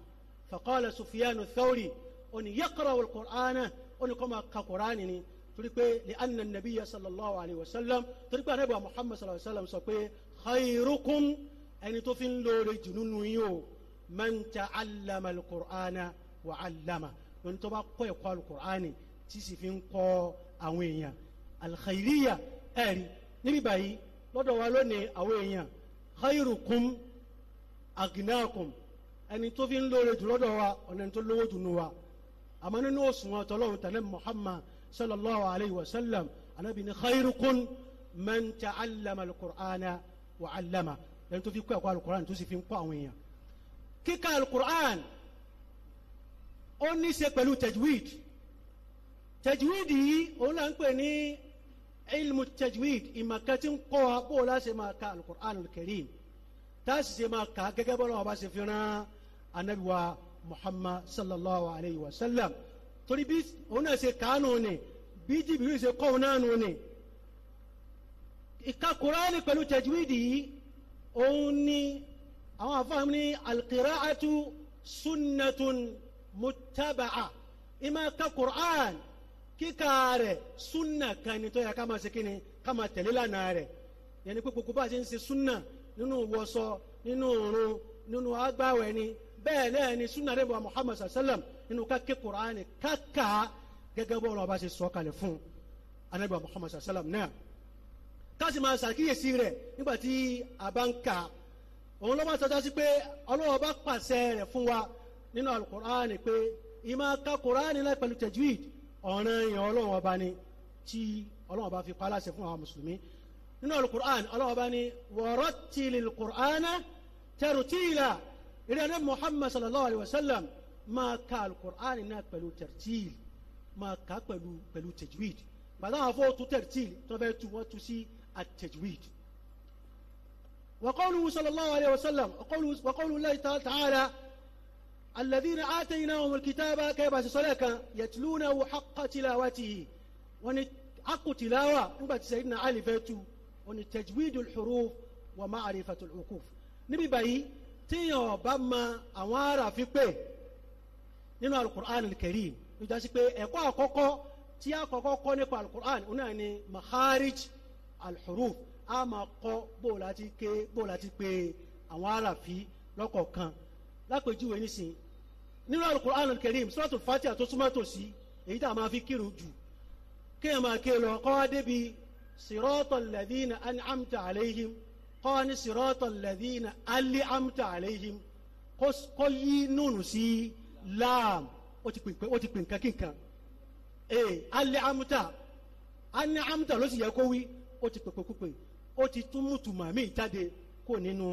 فقال سفيان الثوري أن يقرأ القرآن ó ní kó máa ka kuraani ni torí pé li anna nabiyya sallallahu alayhi wa sallam torí pé anabi wa muhammad sallallahu alayhi wa sallam sọ pé khayrukum ẹni tó fi ń lóore jùlọ nù yín o man ta'allama alukur'ana wa 'allama lóni tó bá kọ́ ẹ̀kọ́ alukur'ani tí sì fi ń kọ́ àwọn èèyàn alkhayriya ẹ̀rí níbi báyìí lọ́dọ̀ wa lónìí àwọn èèyàn khayrukum agnakum ẹni tó fi ń lóore jùlọ dọ̀ wa ọ̀nà tó lówó jù wa àmọ́ nínú òṣùwọ̀n tọ́lọ́run tẹ̀lé Muhammad sallallahu alayhi wa sallam anabi ni khayrukum man ta'allama alukur'ana wa 'allama ẹni tó fi kọ́ ẹ̀kọ́ alukur'an tó sì fi ń kọ́ àwọn èèyàn kíkà alukur'an ó ní í ṣe pẹ̀lú tajwid tajwid yìí òun là ń pè ní ilmu tajwid ìmọ̀kẹ́ tí ń kọ́ wa bó o láṣẹ máa ka alukur'an al tá a sì ṣe máa kà á gẹ́gẹ́ bọ́lá wa bá ṣe fi rán anabi muhammad sallallahu alayhi wa sallam torí bí òun náà ṣe kàánù ni bí jìbìrì ṣe kọ́ òun náà nù ni ìka kuraani pẹ̀lú tajwidi yìí òun ni àwọn afáàm ní alqiraatu sunnatun mutaba'a ìmọ̀ ka kuraan kíkà rẹ̀ sunna kan ni tó yẹ ká máa ṣe kí ni rẹ̀ yẹn ni pé bá ṣe ń ṣe sunna nínú wọṣọ nínú òrùn nínú agbáwẹ̀ ni bẹ́ẹ̀ náà ni sunna rẹ̀ bọ̀ muhammad sallam nínú ká ké kuraani káka gẹ́gẹ́ bọ́ ọlọ́ba ṣe sọ kalẹ̀ fún anabi muhammad sallam náà káàsì máa ṣàkíyèsí rẹ̀ nígbà tí a bá ń kà òun lọ́ba tọ́já sí pé ọlọ́wọ́ bá pàṣẹ rẹ̀ fún wa nínú alukuraani pé ìmọ̀ ká kuraani láì pẹ̀lú tajwid ọ̀ràn yẹn ọlọ́wọ́ bá ní tí ọlọ́wọ́ bá fi pa fún àwọn mùsùlùmí nínú alukuraani ọlọ́wọ́ bá ní wọ́rọ́ tìlì alukuraana tẹ̀rù tìlà إلى نبي محمد صلى الله عليه وسلم ما كان القرآن náà بلو ترتيل ما كان بلو, بلو تجويد bàtà àfọ́ tu tẹ̀rtíìl tó bẹ́ẹ̀ tu وقوله صلى الله عليه وسلم وقوله, وقوله الله تعالى الذين آتيناهم الكتاب كيف سلك يتلونه حق تلاوته حق تلاوة نبت سيدنا علي فاتو ونتجويد الحروف ومعرفة العقوف نبي بأي tíyàn ọba mọ àwọn ara fi pè nínú alukur'an al-karim ló jásí pé ẹ̀kọ́ àkọ́kọ́ tí a kọ́kọ́ kọ́ nípa alukur'an ó náà ni maharij alhuruf a máa kọ́ bóò láti ké bóò láti pè àwọn ara fi lọ́kọ̀ọ̀kan lápèjúwe nísìnyí nínú alukur'an al-karim suratul tó súnmọ́ tòsí èyí tá a máa fi kírun jù kéèyàn máa ké lọ kọ́ wá débi siratal ladhina an'amta alayhim kọ́ ní sirọ́tọ̀ lẹ́dínà alẹ́ amúta àlẹ́yìn kó yí nùnù sí láàm ó ti pè nǹkan kí nǹkan ee alẹ́ amúta alẹ́ amúta ló sì yẹ kó wí ó ti pè pèkúpè ó ti tún mùtùmá mi jáde kó nínú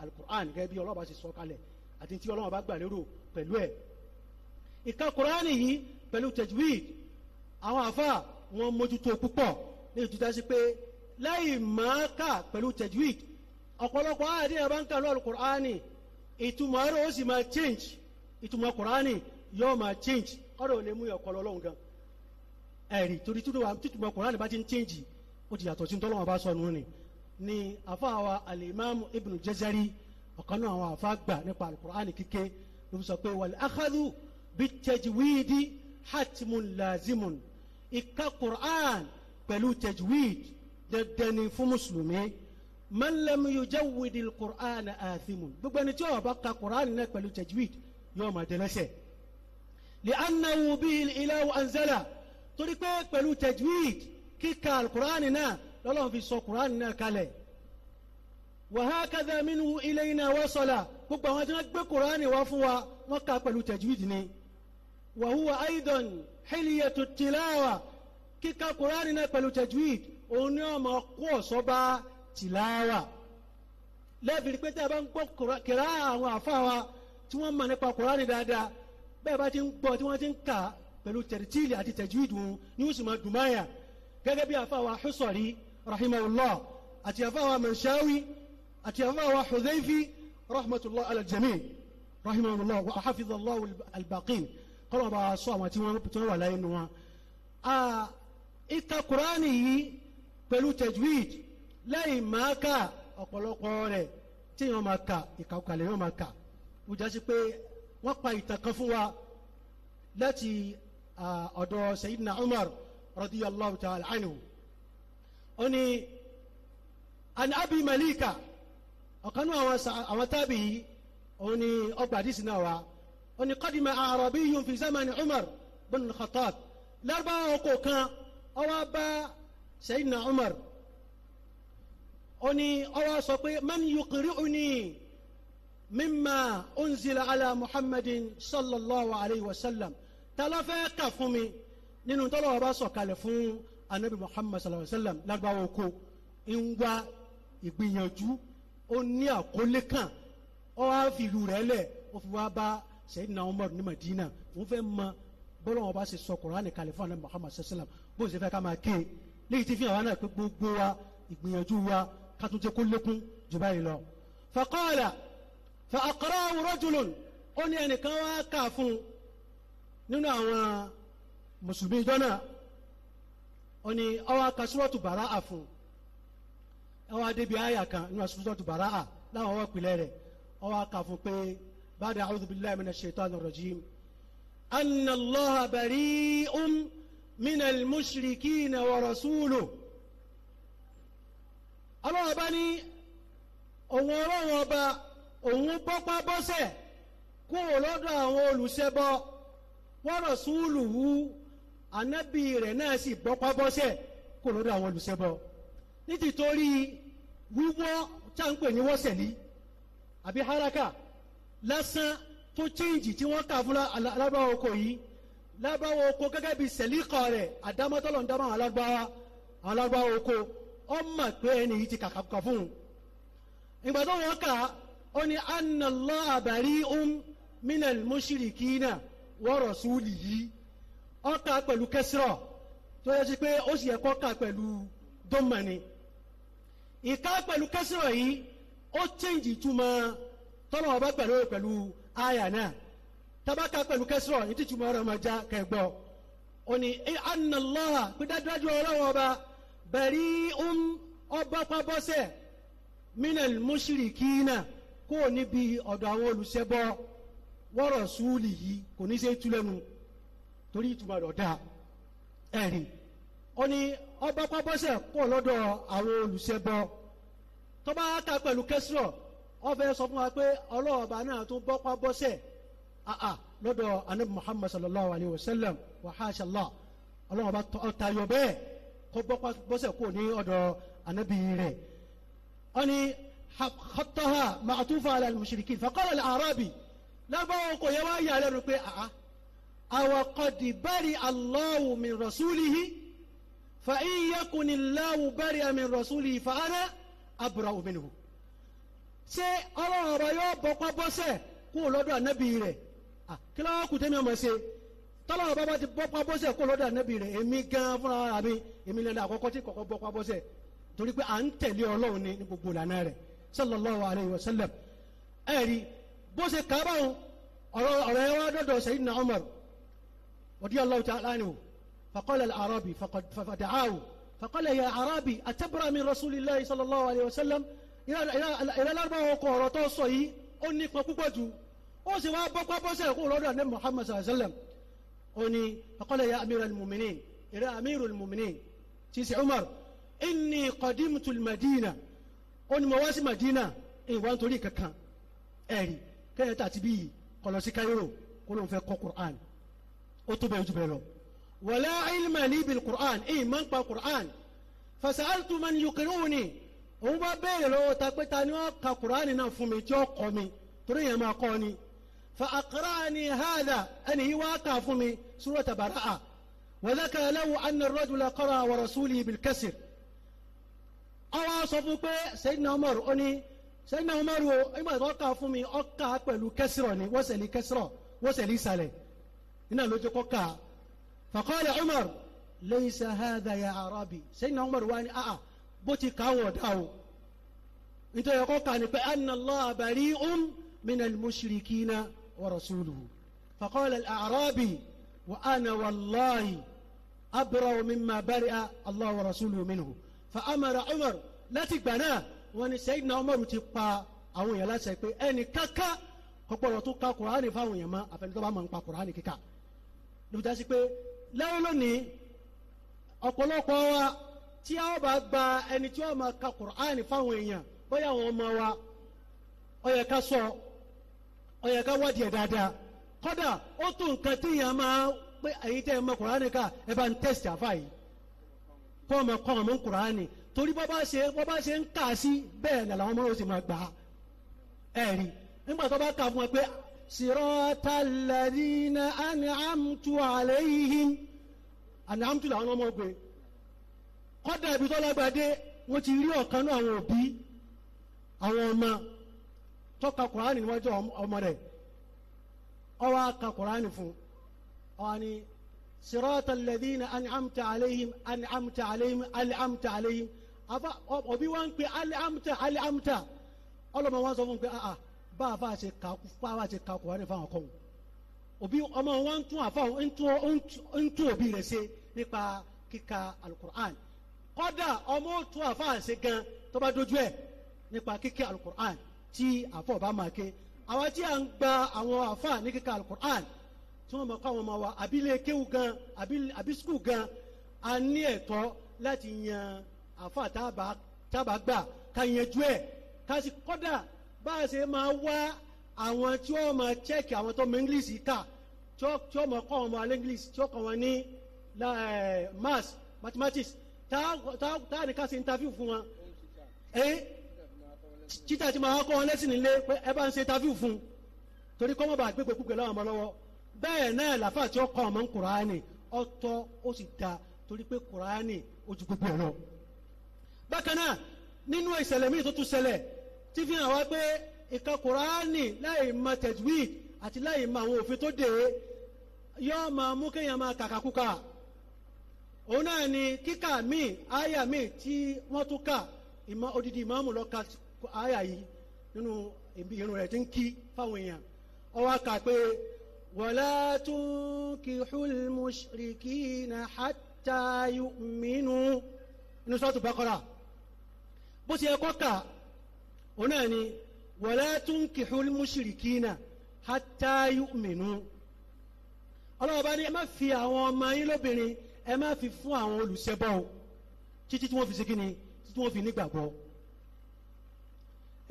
alukur'an gẹ́gẹ́ bí ọlọ́ba sì sọ kalẹ̀ àti tí ọlọ́ba bá gbà lérò pẹ̀lú ẹ̀ ìka kuraani yìí pẹ̀lú tajwid àwọn àfa wọn mójútó púpọ̀ ní ìtújá pé láì máa kà pẹ̀lú tajwid ọ̀pọ̀lọpọ̀ àti ẹ̀ bá ń kà lọ́ọ̀lù kùránì ìtumọ̀ rẹ̀ ó sì máa change ìtumọ̀ kùránì yóò máa change ọ̀rọ̀ ò lè mú ọ̀pọ̀lọ ọlọ́run gan ẹ̀rì torí títúmọ̀ kùránì bá ti ń change ó ti yàtọ̀ sí ní tọ́lọ́wọ́n bá sọnù ni ni àfáàwà alimami ibn jazari ọ̀kan náà àwọn àfáà gbà nípa alukur'ani kíké ló sọ دداني فو مسلمي من لم يجود القران اثم بغن تشو بقى قران نك بلو تجويد يوم ادنسه لانه به الاله انزل طريق بلو تجويد كيكا القران نا لولا في سو قران نا كاله وهكذا منه الينا وصل بغ ما تن غبي قران وفوا وكا بلو تجويد ني وهو ايضا حليه التلاوه كيكا قران نا بلو تجويد òun ni ọmọ kó ọ̀sọ́ bá tìláwà lẹ́bìrì pé tí a bá ń gbọ́ kẹrà àwọn àfáà wa tí wọ́n mọ̀ nípa kùránì dáadáa bẹ́ẹ̀ bá ti ń gbọ́ tí wọ́n ti ń kà pẹ̀lú tẹ̀rìtìlì àti tẹ̀júìdù ní ó sì máa dùn máyà gẹ́gẹ́ bí àfáà wa Husari rahimahullah àti àfáà wa Manshawi àti àfáà wa Hudhayfi rahmatullah ala rahimahullah wa hafizallah al-baqi sọ àwọn tí wọ́n wà láyé nu wọn. ìka kùránì yìí pẹ̀lú tajwid lẹ́yìn máa kà ọ̀pọ̀lọpọ̀ rẹ̀ tí yàn máa kà ìkàkùkàlẹ̀ yàn máa kà ó já sí pé wọ́n pa ìtàn kan fún wa láti ọ̀dọ̀ Sayyidina Umar radiyallahu ta'ala anhu ó ní an abi malika ọ̀kan náà àwọn tábìyí ó ní ọgbà àdìsí náà wa ó ní qadima a'rabiyyun fi zamani Umar bin al lẹ́rọ̀bá ọkọ̀ kan ó bá. Sayyidina Umar ó ní ọwọ́ sọ pé man yuqri'uni mimma unzila ala Muhammadin sallallahu alayhi wa sallam talafẹ́ kà fún mi nínú tọ́lọ́wọ́ bá sọ̀kalẹ̀ fún anabi Muhammad sallallahu alayhi wa sallam lágbàwọ̀ kó ń wá ìgbìyànjú ó ní àkólé kan ó wá fi ìlú rẹ̀ lẹ̀ ó fi wá bá Sayyidina Umar ní Madina òun fẹ́ mọ bọ́lọ́wọ́ bá sọ Kùránì kalẹ̀ fún anabi Muhammad sallallahu alayhi wa sallam bó ṣe fẹ́ ká máa ké e léyìí tí fi hàn wá náà pé gbogbo wa ìgbìyànjú wa ká tún jẹ́ kó lékún jù báyìí lọ. faqala fa aqra'ahu rajulun ó ní ẹnìkan wá kà fún nínú àwọn mùsùlùmí ìjọ náà ó ní ọwọ́ akasúrọ̀tù bàrà à fún ọwọ́ adébí àyà kan nínú asúrọ̀tù bàrà à láwọn ọwọ́ ìpìlẹ̀ rẹ̀ ọwọ́ akà fún pé ba'da a'udhu billahi minash shaitanir rajim anna Allaha من المشركين ورسوله ọlọ́run ọba ní òun ọlọ́run ọba òun bọ́pá bọ́sẹ̀ kó lọ́dọ̀ àwọn olùṣẹbọ wọ́n rasuluhu ànábì rẹ̀ náà sì bọ́pá bọ́sẹ̀ kó lọ́dọ̀ àwọn olùṣẹbọ nítìtorí wíwọ́ tá à ń pè ní haraka lásán tó chéǹjì tí wọ́n kà fún alábàá lábáwọ oko gẹ́gẹ́ bíi sẹ̀líkọ̀ rẹ̀ àdámọ́tọ́lọ̀ ń dá máa alágbára àwọn alágbára oko ọ mọ̀ pé ẹni yìí ti kàkàkà fún un. ìgbà tó wọ́n kà ó ní annallaha bari'un minal mushrikina wa rasulihi ó kà pẹ̀lú kẹsìrọ̀ tó yẹ sí pé ó sì yẹ kó kà pẹ̀lú dọ́mọ̀ni. ìka pẹ̀lú kẹsìrọ̀ yìí ó chẹ́ǹjì túmọ̀ tọ́lọ́wọ́ bá pẹ̀lú pẹ̀lú àyà náà. tabaka pẹ̀lú kẹsìrọ̀ ní títúmọ̀ ọ̀rọ̀ máa já kẹgbọ́ ó ní anàlọ́hà pé dájúdájú ọlọ́run ọba ọba pábọ́sẹ̀ minal mushrikina kó o níbi ọdọ àwọn olùṣẹbọ wọ́rọ̀ súúlì yìí kò ní ṣe torí àwọn olùṣẹbọ ká ọ sọ fún wa àà ah, ah, lọ́dọ̀ anabi muhammad sallallahu alayhi wa sallam wa haṣa allah ọlọ́run ọba tayọ bẹ́ẹ̀ kó bọ́sẹ̀ kúrò ní ọ̀dọ̀ anabi rẹ̀ wọ́n ní xataha ma'atufa ala al-mushrikin faqala al-arabi lágbàwọn kò yẹ wá yà lẹ́nu pé àà ah, awa bari allahu min rasulihi fa in yakun bari min rasulihi fa ana abra'u minhu ṣé ọlọ́run ọba yóò bọ́ pa bọ́sẹ̀ kúrò anabi rẹ̀ Ah, kí ló kù tẹ́mi ọmọ ṣe tọ́lọ́wọ́ bá bá ti bọ́pá bọ́sẹ̀ kó lọ́dọ̀ ànábì rẹ̀ èmi gan fúnra mi èmi lẹ́nu àkọ́kọ́ tí kọ́kọ́ bọ́pá bọ́sẹ̀ torí pé à ń tẹ̀lé ọlọ́run ní gbogbo ìlànà rẹ̀ sallallahu alayhi wa sallam ẹ̀rí bọ́sẹ̀ kábàáhùn ọ̀rọ̀ ọ̀rọ̀ ẹ̀ wá dọ́dọ̀ sayyidina Umar radiyallahu ta'ala anhu faqala al-arabi fada'ahu faqala ya arabi atabra min rasulillahi sallallahu alayhi wa sallam ìlànà àkọ́kọ́ ọ̀rọ̀ tó sọ yìí ó nípa púpọ̀ jù ó sì wá bọ́pá bọ́sẹ̀ kó lọ́dọ̀ ní muhammad sallam ó ní akọ́lẹ̀ ya amirul muminin ìrẹ́ amirul muminin ti sẹ́ umar inni qadimtu madina ó ní mo wá sí madina ìwà nítorí kankan ẹ̀rí kẹ́yẹ tà ti bí yìí kọlọ sí cairo kó ló ń fẹ́ kọ́ quran ó tó bẹ́ẹ̀ ju bẹ́ẹ̀ lọ. wala ilma li bil quran èyí máa ń pa quran fasaltu man yuqiruni òun bá béèrè lọ́wọ́ ta pé ta ni wọ́n ka quran náà fún mi tí kọ́ mi torí yẹn máa kọ́ ni. فأقرأني هذا أنه واقع فمي سورة براءة وذكى له أن الرجل قرأ ورسوله بالكسر أو صفوك سيدنا عمر أني سيدنا عمر إما واقع فمي أقع أقبل كسرني وسلي كسر وسلي سالي إن لوجه ققع فقال عمر ليس هذا يا عربي سيدنا عمر واني أأ بوتي كاو داو إنت يقول أن الله بريء من المشركين ورسوله فقال الأعرابي وأنا والله أبرأ مما برئ الله ورسوله منه فأمر عمر لا تقبنا وأن سيدنا عمر تقبى أو يلا سيقبى أني كاكا kọpọlọ tó ka kuraani fáwọn èèyàn mọ àfẹnudọ́ bá máa ń pa kuraani kíkà ló dá sí pé lẹ́yìn lónìí ọ̀pọ̀lọpọ̀ wa tí a bá gba ẹni tí wọ́n máa ka kuraani fáwọn èèyàn bóyá àwọn ọmọ wa ó yẹ ká sọ ó yẹ ká wádìí ẹ̀ dáadáa kódà ó tó nǹkan téèyàn máa pé ẹ̀yin tẹ́ ẹ mọ kùránì ká ẹ bá ń àfà yìí ń kùránì torí bọ́ bá ṣe bọ́ bá ṣe ń kà sí bẹ́ẹ̀ ni làwọn ọmọ yóò sì máa gbà á ẹ̀ rí nígbà tó bá kà fún ẹ pé tọ́ka kùránì níwájú ọmọ rẹ̀ ọwọ́ aka kùránì fún ọwọ́ ni sirata alladhina an'amta alayhim an'amta alayhim an'amta alayhim afa òbí wa ń pe an'amta an'amta ọlọ́mọ wọn sọ fún pé ah bá a fa ṣe kà bá a ṣe kà kùránì fáwọn kọ́ òbí ọmọ wọn ń tún àfa ń tún òbí rẹ̀ ṣe nípa kíka alukur'an kọ́dà ọmọ tún àfa ṣe gan tó dojú ẹ̀ nípa kíkẹ́ alukur'an tí àfọ ọba máa ké àwa tí à ń gba àwọn àfa ní kíkà alukur'an tí wọ́n máa kọ́ àwọn ọmọ wa abilé kéwù gan àbí skul gan a ní ẹ̀tọ́ láti yan àfa tábà gbà ká yanjú ẹ̀ ká sì kọ́dà bá a ṣe máa wá àwọn tí wọ́n máa chẹ́ẹ̀kì àwọn tó mọ english kà tí wọ́n máa kọ́ àwọn ọmọ alẹ́ english tí wọ́n kọ́ wọn ní eh, maths mathematics tá a ní ká ṣe interview fún wọn. Eh? títà ti máa kọ́ wọn lẹ́sìn nílé pé ẹ bá ń ṣe tábìlì fún un torí kọ́ mọ́ bá gbégbé kúgbé láwọn ọmọ lọ́wọ́ bẹ́ẹ̀ náà làfà tí ó kọ́ ọmọ kùránì ọ̀tọ̀ ó sì da torí pé kùránì ó ju gbogbo ẹ̀ lọ. bákan náà nínú ìṣẹ̀lẹ̀ míì tó tún ṣẹlẹ̀ tí fi hàn wá pé ìka kùránì láì mọ tajwid àti láì mọ àwọn òfin tó dé yóò máa mú kéèyàn máa kàkàkùkà òun náà ni kíkà míì áyà míì tí wọ́n tún kà ìmọ̀ odidi ìmáàmù lọ́ka àyà yìí nínú irun rẹ̀ ti ń kí fáwọn èèyàn ó wá kà pé wala tunkihul mushrikina hatta yu'minu nínú sọ́ọ̀tù Baqara bó ti ẹ̀kọ́ kà òun náà ni wala tunkihul mushrikina hatta yu'minu ọlọ́wọ́ bá ní ẹ má fi àwọn ọmọ yín lóbìnrin ẹ má fi fún àwọn olùṣẹbọ títí tí wọ́n fi ṣe kí ni títí wọ́n fi nígbàgbọ́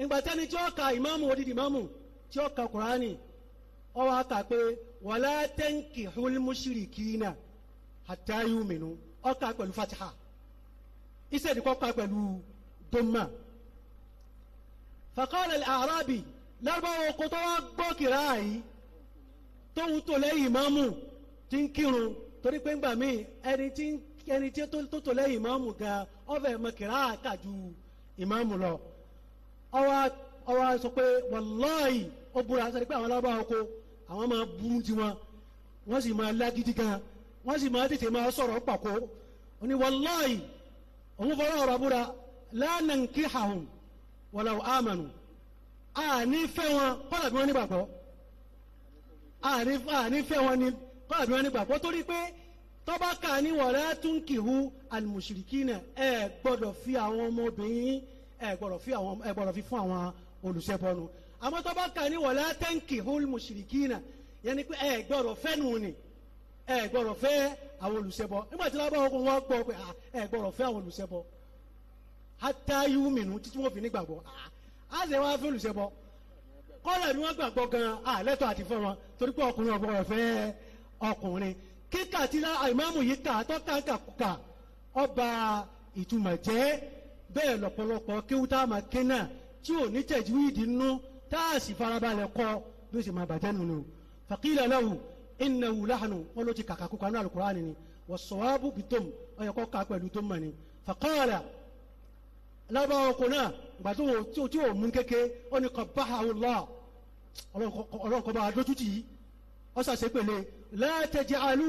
ìgbà tẹ́ni tí ó ka ìmáàmù odidi ìmáàmù tí ó ka kùránì ó wá kà pé wàlá tẹ́ǹkì hulmushiri kìínà àtàyù mìnú ó ka pẹ̀lú fatiha ìṣèdí kọ́ ka pẹ̀lú dọ́mà. faqala al-a'rabi lárúbáwò kó tó wá gbọ́ kìrá yìí tóun tó lẹ́yìn ìmáàmù ti ń kírun torí pé ńgbà míì ẹni tí ẹni tí tó tó lẹ́yìn ìmáàmù gan ó mọ kìrá kà ju ìmáàmù lọ ọwọ́ sọ pé wàláì ó búra sọ pé àwọn alábàá oko àwọn máa burú tiwọn wọ́n sì máa lágídí gan wọ́n sì máa tètè máa sọ̀rọ̀ pàkó ó ní wàláì òun fọwọ́ ọ̀rọ̀ búra lánàá nkí hàhùn wàláwù àmànù àní fẹ́ wọn kọ́lá bí wọ́n nígbàgbọ́ àní fẹ́ wọn ni kọ́lá bí wọ́n nígbàgbọ́ torí pé tọ́ba kà wàlá túnkìhù àlùmùsìrìkì náà ẹ gbọ́dọ̀ fi àwọn ọmọbìnrin ẹ gbọ́dọ̀ fi àwọn ẹ gbọ́dọ̀ fi fún àwọn olùṣẹbọnu àmọ́ tó bá kà ní wala tankihul mushrikina yẹn ni pé ẹ gbọ́dọ̀ fẹ́ nù ni ẹ gbọ́dọ̀ fẹ́ àwọn olùṣẹbọ nígbà tí lábàá ọkùnrin wọn gbọ́ pé ah, ẹ gbọ́dọ̀ fẹ́ àwọn olùṣẹbọ hatta yu'minu títí wọn fi nígbàgbọ́ á ah, ṣe wá fẹ́ olùṣẹbọ kọ́lẹ̀ ni wọ́n gbàgbọ́ gan-an àlẹ́tọ̀ àti fún wọn torí pé ọkùnrin ọ̀gbọ́n ọ̀fẹ́ ọkùnrin kíkà tí ìmáàmù yìí kà tọ́ka kàkùkà ọba ìtumọ̀ jẹ́ bẹ́ẹ̀ lọ́pọ̀lọpọ̀ kéwú tá a máa ké náà tí ò ní tẹ̀júwìdì nú tá a sì farabalẹ̀ kọ́ bí ó sì máa bàjẹ́ nù ni o fàkìlà lẹ́wù ìnà wù láhànù wọn ló ti kàkà kó kanú alukur'ani ni wàsọ̀wábù bìtòm ọyọ kọ́ ká pẹ̀lú tó mọ̀ ni fàkọ́ọ̀là lábàá ọkọ̀ náà ìgbà tí ò mú kéke ó ní kọ́ bá àwòlọ́ọ̀ ọlọ́kọ̀ ọ sàṣẹ́pẹ̀lẹ̀ látẹ̀jẹ̀ àlù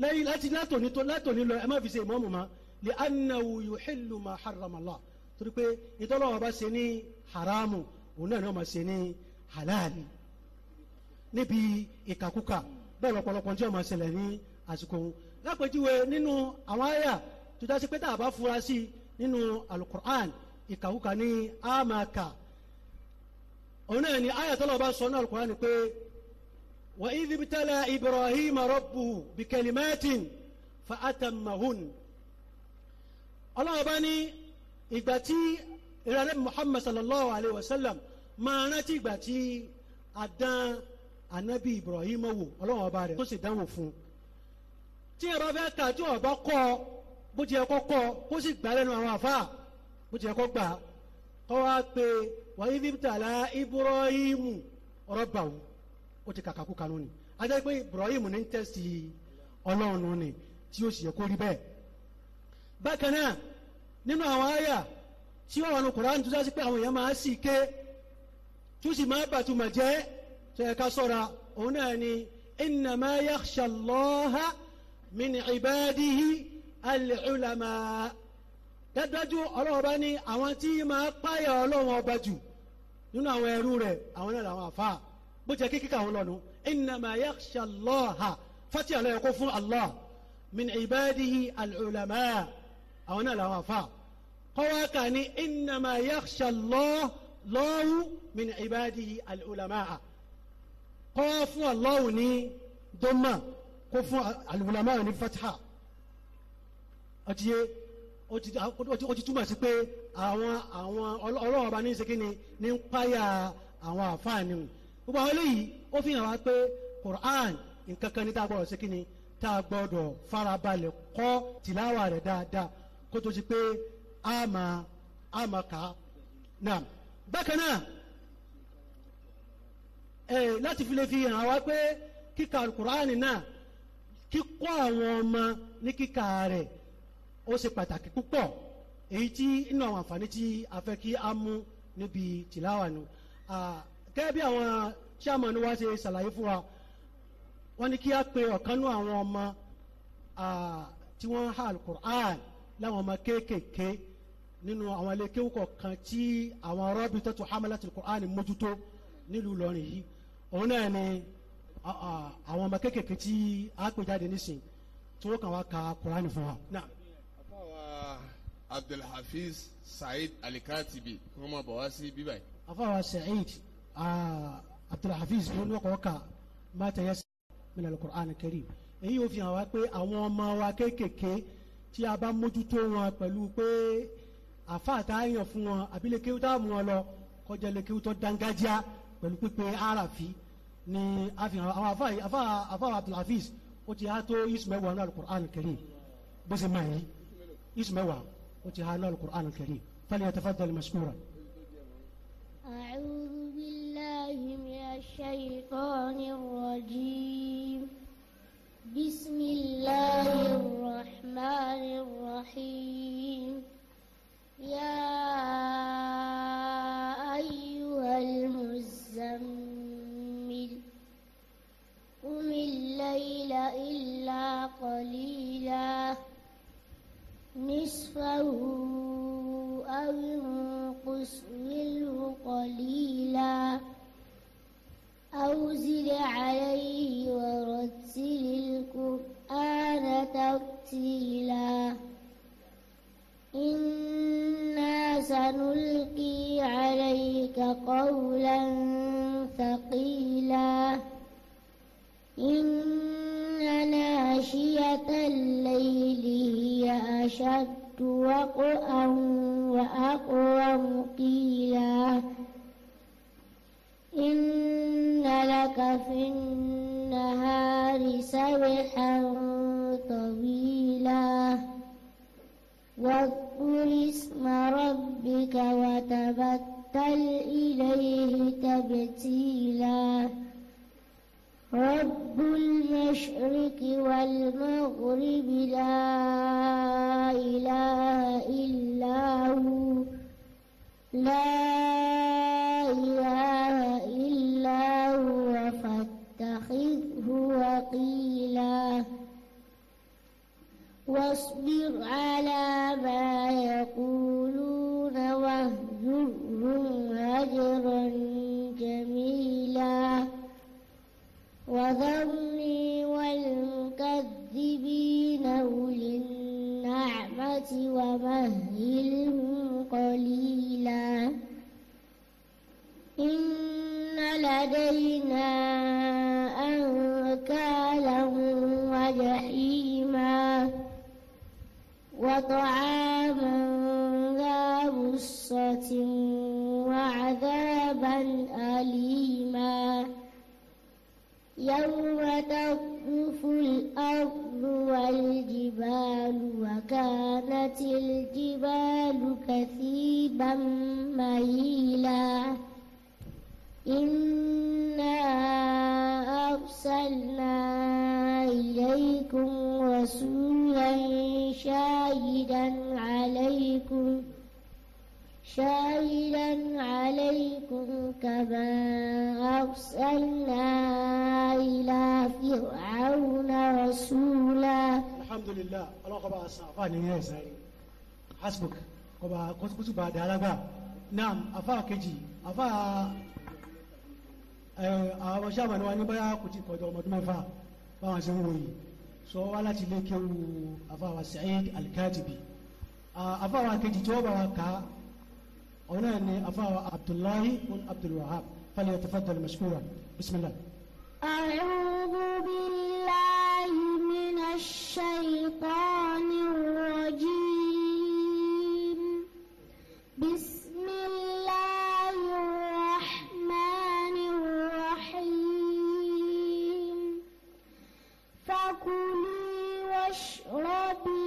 lẹ́yìn láti látòní tó látòní lọ ẹ má fi ṣe ìmọ̀ọ́mù ma li annahu yuhillu ma harrama Allah torí pé ìtọ́lọ́wọ́ bá ṣe ní haramu òun náà ni wọ́n máa ṣe ní halali níbi ìkàkúkà bẹ́ẹ̀ lọ́pọ̀lọpọ̀ tí wọ́n máa ṣẹlẹ̀ ní àsìkò òun lápèjúwe nínú àwọn àyà tó dá sí pé tá a bá fura sí nínú alukur'an ìkàkúkà ní àmàkà òun náà ni àyà tọ́lọ́wọ́ bá sọ ní alukur'an ni pé. وإذ ابتلى إبراهيم ربه بكلمات فأتمهن ọlọ́ọ̀bá ní ìgbà tí ìrẹ̀lẹ́ Muhammad sallallahu alayhi wa sallam máa rántí ìgbà tí àdán anabi Ibrahim wò ọlọ́ọ̀bá rẹ̀ tó sì dánwò fún un tí ẹ bá fẹ́ kà tí ọ̀bá kọ́ ọ bó ti yẹ kó kọ́ ọ kó sì gbà lẹ́nu àwọn àfa bó ti yẹ kó gbà kọ́ wa pé wàá ibi tààlà Ibrahim rabbahu ó ti kàkà kú kanú ni ajá pé Ibrahim ní tẹ́sí ọlọ́run ni tí ó sì yẹ kó rí bẹ́ẹ̀. bákan náà nínú àwọn àyà tí wọ́n wà ní Kùránì tó sásí pé àwọn èèyàn máa sì ké tó sì máa bàtúmọ̀ jẹ́ tó ká sọ̀ra òun náà ni innama yakhsha Allaha min ibadihi al dájúdájú ọlọ́run ọba ní àwọn tí máa páyà ọlọ́run ọba jù nínú àwọn ẹrú rẹ̀ àwọn náà làwọn àfáà bó jẹ́ kíkíkà òun lọ́nu innama yakhsha Allaha fásitì àlọ́ ẹ̀kọ́ fún Allah min ibadihi al-ulama àwọn náà làwọn afa kọ́wá kà ní innama yakhsha Allahu min ibadihi al-ulama kọ́ fún Allah ní dọ́mà kó fún al-ulama ní fatha ọtíye ó ti túmọ̀ sí pé àwọn àwọn ọlọ́wọ́ ọba ní ṣe ní ń páyà àwọn àfáàní gbogbo àwọn eléyìí ó fi hàn wá pé Quran nǹkan ní tá a gbọ́dọ̀ ṣe kí tá a gbọ́dọ̀ farabalẹ̀ tìláwà a a kà á bákan náà ẹ láti fi lè fi hàn wá pé kíkà Quran náà kíkọ́ àwọn ọmọ ní kíkà rẹ̀ ó ṣe pàtàkì púpọ̀ èyí tí inú àwọn àǹfààní a gẹ́gẹ́ bí àwọn chairman wa ṣe ṣàlàyé fún wa wọ́n ní kí á pe ọ̀kanú àwọn ọmọ tí wọ́n ń ha alukur'an láwọn ọmọ kéékèèké nínú àwọn ilé kéwù kọ̀ọ̀kan tí àwọn rọ́bì tó tún hamalatul kur'an mójútó nílùú Ìlọrin yìí òun náà ni àwọn ọmọ kéékèèké tí a pè jáde nísìn tí wọ́n kàn wá ka kur'an fún wa. Abdulhafiz Said Alikatibi wọ́n máa bọ̀ wá sí bíbáyìí. afawa Said abdulhafiz ló ní ọkọ̀ ọkà má tẹ̀yẹ sí min al-Qur'an Karim èyí yóò fi hàn wá pé àwọn ọmọ wa kéékèèké tí a bá mójútó wọn pẹ̀lú pé àfáà tá a yàn fún wọn àbí tá a mú wọn lọ kọjá lékéwú tó dángájá pẹ̀lú pípé àràfi ni àfihàn àwọn àfáà àfáà abdulhafiz ó ti há tó isu ní al-Qur'an bó ṣe máa yí isu ó ti há ní al-Qur'an Karim falyatafaddal mashkura. أعوذ الشيطان الرجيم بسم الله الرحمن الرحيم no. asbuk kọba kọtukọtu ba dàlágbà Nam afa kejì afa ẹ àwọn sábà ni wọn ní báyà kùtì kọjọ ọmọdún mẹ́fà báwọn ṣe ń wòye sọ wá láti lè kéwu afa wa Sa'id al-Katibi afa wa kejì tí wọn bá wa kà ọ náà ni afa wa Abdullahi un Abdul Wahhab فليتفضل مشكورا بسم الله أعوذ بالله من الشيطان الرجيم بسم الله الرحمن الرحيم فكلي واشربي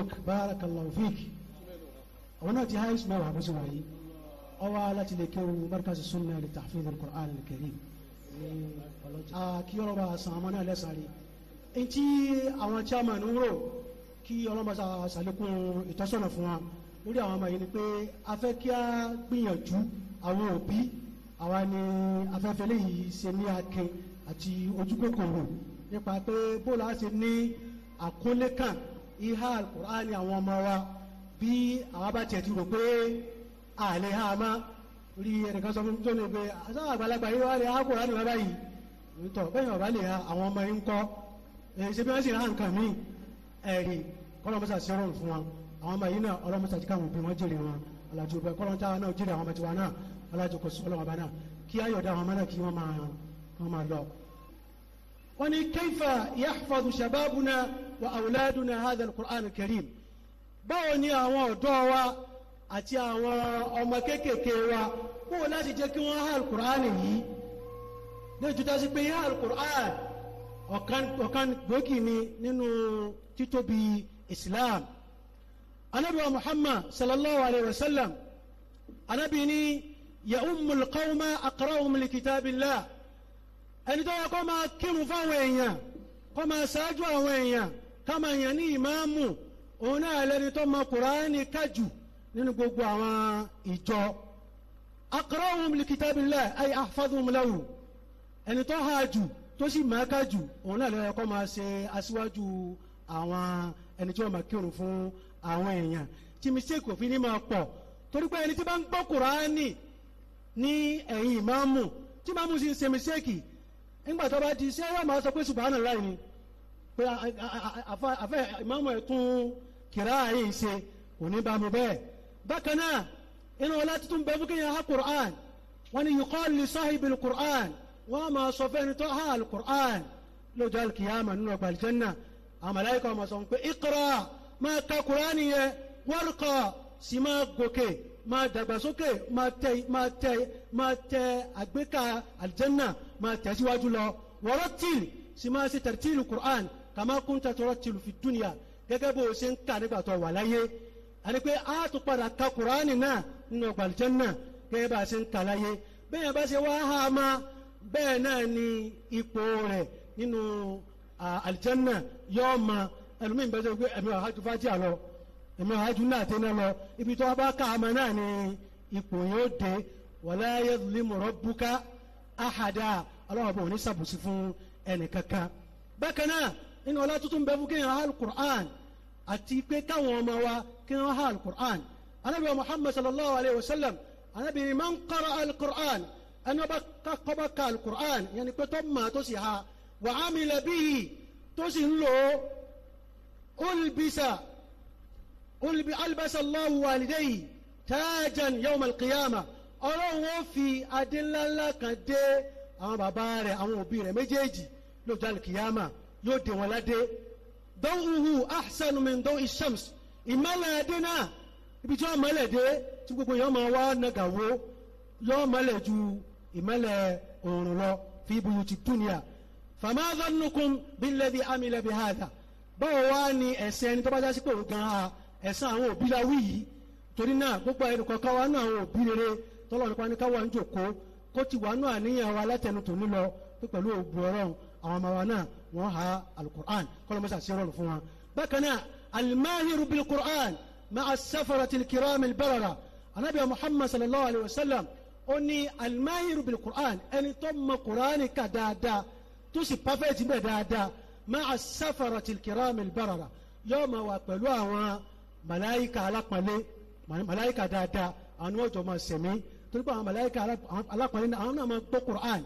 rọ́fík barakallahu fíkì àwọn náà ti high school mẹ́wàá bó ṣe wáyé ọwọ́ aláti lè kéwù markazi sunna li tahfidh al-Qur'an al-Karim kí ọlọ́ba san àmọ́ náà lẹ́sàrí etí àwọn chairman ń rò kí ọlọ́ba ṣàlékún ìtọ́sọ̀nà fún wa lórí àwọn ọmọ yìí ni pé a fẹ́ kí a gbìyànjú àwọn òbí àwa ni afẹ́fẹ́ léyìí ṣe ní akin àti ojúkòkòrò nípa pé bóòlù á ṣe ní àkólé kan ìhà alukur'ani àwọn ọmọ wa bí àwọn bá tiẹ̀ ti rò pé àlè ha máa rí ẹnìkan sọ fún mi tó ní pé sáà àgbàlagbà yìí wà lè ha alukur'ani bàbá yìí nítọ̀ bẹ́ẹ̀ bàbá lè ha àwọn ọmọ yìí ń kọ́ ṣe bí wọ́n sì ra nǹkan míì ẹ̀rí kọ́lọ́mọ́sà sí ọ̀rọ̀ fún wọn àwọn ọmọ yìí náà ọlọ́mọ́sà ti káwọn òbí wọn jèrè wọn alájú bẹ́ẹ̀ náà وأولادنا هذا القرآن الكريم báwo ni àwọn ọ̀dọ́ wa àti àwọn ọmọ kéékèèké wa báwo láti jẹ́ kí wọ́n há alukur'an yìí ní ìtúta sí pé há alukur'an ọ̀kan gbòógì ni nínú títóbi islam anabi wa muhammad sallallahu alayhi wa sallam anabi ni ya umul qawma aqra'uhum li kitabillah ẹni tó yẹ kó máa kírun fáwọn èèyàn kó máa ṣáájú àwọn èèyàn ká máa yàn ní ìmáàmù òun náà lẹni tó mọ kùránì kájù nínú gbogbo àwọn ìjọ aqra'uhum li kitabillah ay ahfazuhum lahu ẹni tó ha jù tó sì máa kájù òun náà lọ́yẹ kó máa ṣe aṣíwájú àwọn ẹni tí wọ́n máa kírun fún àwọn èèyàn tí mistake òfin ní máa pọ̀ torí pé ẹni tí bá ń gbọ́ kùránì ní ẹ̀yìn ìmáàmù tí máàmù sì ń ṣe mistake ńgbà tó bá di ṣé yóò máa sọ pé subhanallah ni pé àfẹ́ ìmáàmù ẹ̀tún kìrá ààyè ṣe kò ní bá mu bẹ́ẹ̀. bákan náà inú ọlá tuntun bẹ́ẹ̀ fún kéèyàn ha qur'an wọ́n ní yuqal li sahibil qur'an wọ́n á máa sọ fẹ́ni tó ha al qur'an lọ́jọ́ alkiyama nínú ọgbà aljanna àmàláyíkà ọmọ sọ pé iqra máa ka qur'an yẹ warqa sì máa gòkè máa dàgbàsókè máa tẹ máa tẹ máa tẹ àgbékà aljanna máa tẹ̀síwájú lọ wọ́rọ́ tìlì sì máa ṣe tartilu qur'an kama kunta turattilu fi dunya gẹ́gẹ́ bó o ṣe ń kà nígbà tó wà láyé àti pé a tún padà ka kuraani náà nínú gbàlùjẹ́ náà gẹ́gẹ́ bá a ṣe ń kà láyé bẹ́ẹ̀ yẹn bá ṣe wá ha ma bẹ́ẹ̀ náà ni ipò rẹ̀ nínú àlìjẹ́nà yóò ma ẹlòmíì bẹ́ẹ̀ sọ pé ẹ̀mí ọ̀hájú fájìá lọ ẹ̀mí ọ̀hájú náà tẹ́ lọ ibi tó wá bá kà ma náà ni ipò yóò dé wala yazlimu rabbuka ahada ọlọ́wọ́ bò ní sàbùsí fún ẹnì kankan bákan náà nínú ọlá tuntun bẹ fún kí wọn hàl Qur'an àti pé káwọn ọmọ wa kí wọn hàl Qur'an anabi wa Muhammad sallallahu alayhi wa sallam anabi ni man qara al-Qur'an ẹni ọba kọba ka al-Qur'an yẹn ni pé tó mà tó sì ha wa amila bihi tó sì ń lò ó olùbísà olùbí albasa Allahu walidayhi tajan yawm al-qiyamah ọlọ́run ó fi adé ńláńlá kan dé àwọn bàbá rẹ̀ àwọn òbí rẹ̀ méjèèjì lọ́jọ́ al yóò dè wọ́n ládé dọ́wùhù ahsanu min ishams ìmọ̀lẹ̀ náà ibi tí wọ́n mọ̀lẹ̀ dé tí gbogbo yẹn máa wá nàgàwó yọ́ ju ìmọ̀lẹ̀ òòrùn lọ fi buyuti dunya fama dhannukum billadhi amila bihadha báwo wá ni ẹ̀sẹ̀ ẹni tó bá ha ga. àwọn òbí la wí yìí torí náà gbogbo wa náà àwọn òbí rere tọ́lọ́ nípa ní káwa ń jòkó kó ti wà náà níyàn wa nílọ pẹ̀lú òògùn ọ̀rọ̀ àwọn ọmọ wọ́n ha alukur'an kọ́lọ́mọ́sá sí rọrùn fún wọn. bákan náà alimahiru bil kur'an ma'a safaratil kiramil barara anabiya muhammad sallallahu alayhi wa sallam ó ní alimahiru bil kur'an ẹni tó mọ kur'an ka dáadáa tó sì pàfẹ́tì bẹ́ẹ̀ dáadáa ma'a safaratil kiramil barara yóò máa wà pẹ̀lú àwọn màláyíkà alápàlẹ́ màláyíkà dáadáa àwọn ọmọ ìjọba sẹ̀mí torí pé àwọn màláyíkà alápàlẹ́ àwọn náà máa gbọ́ kur'an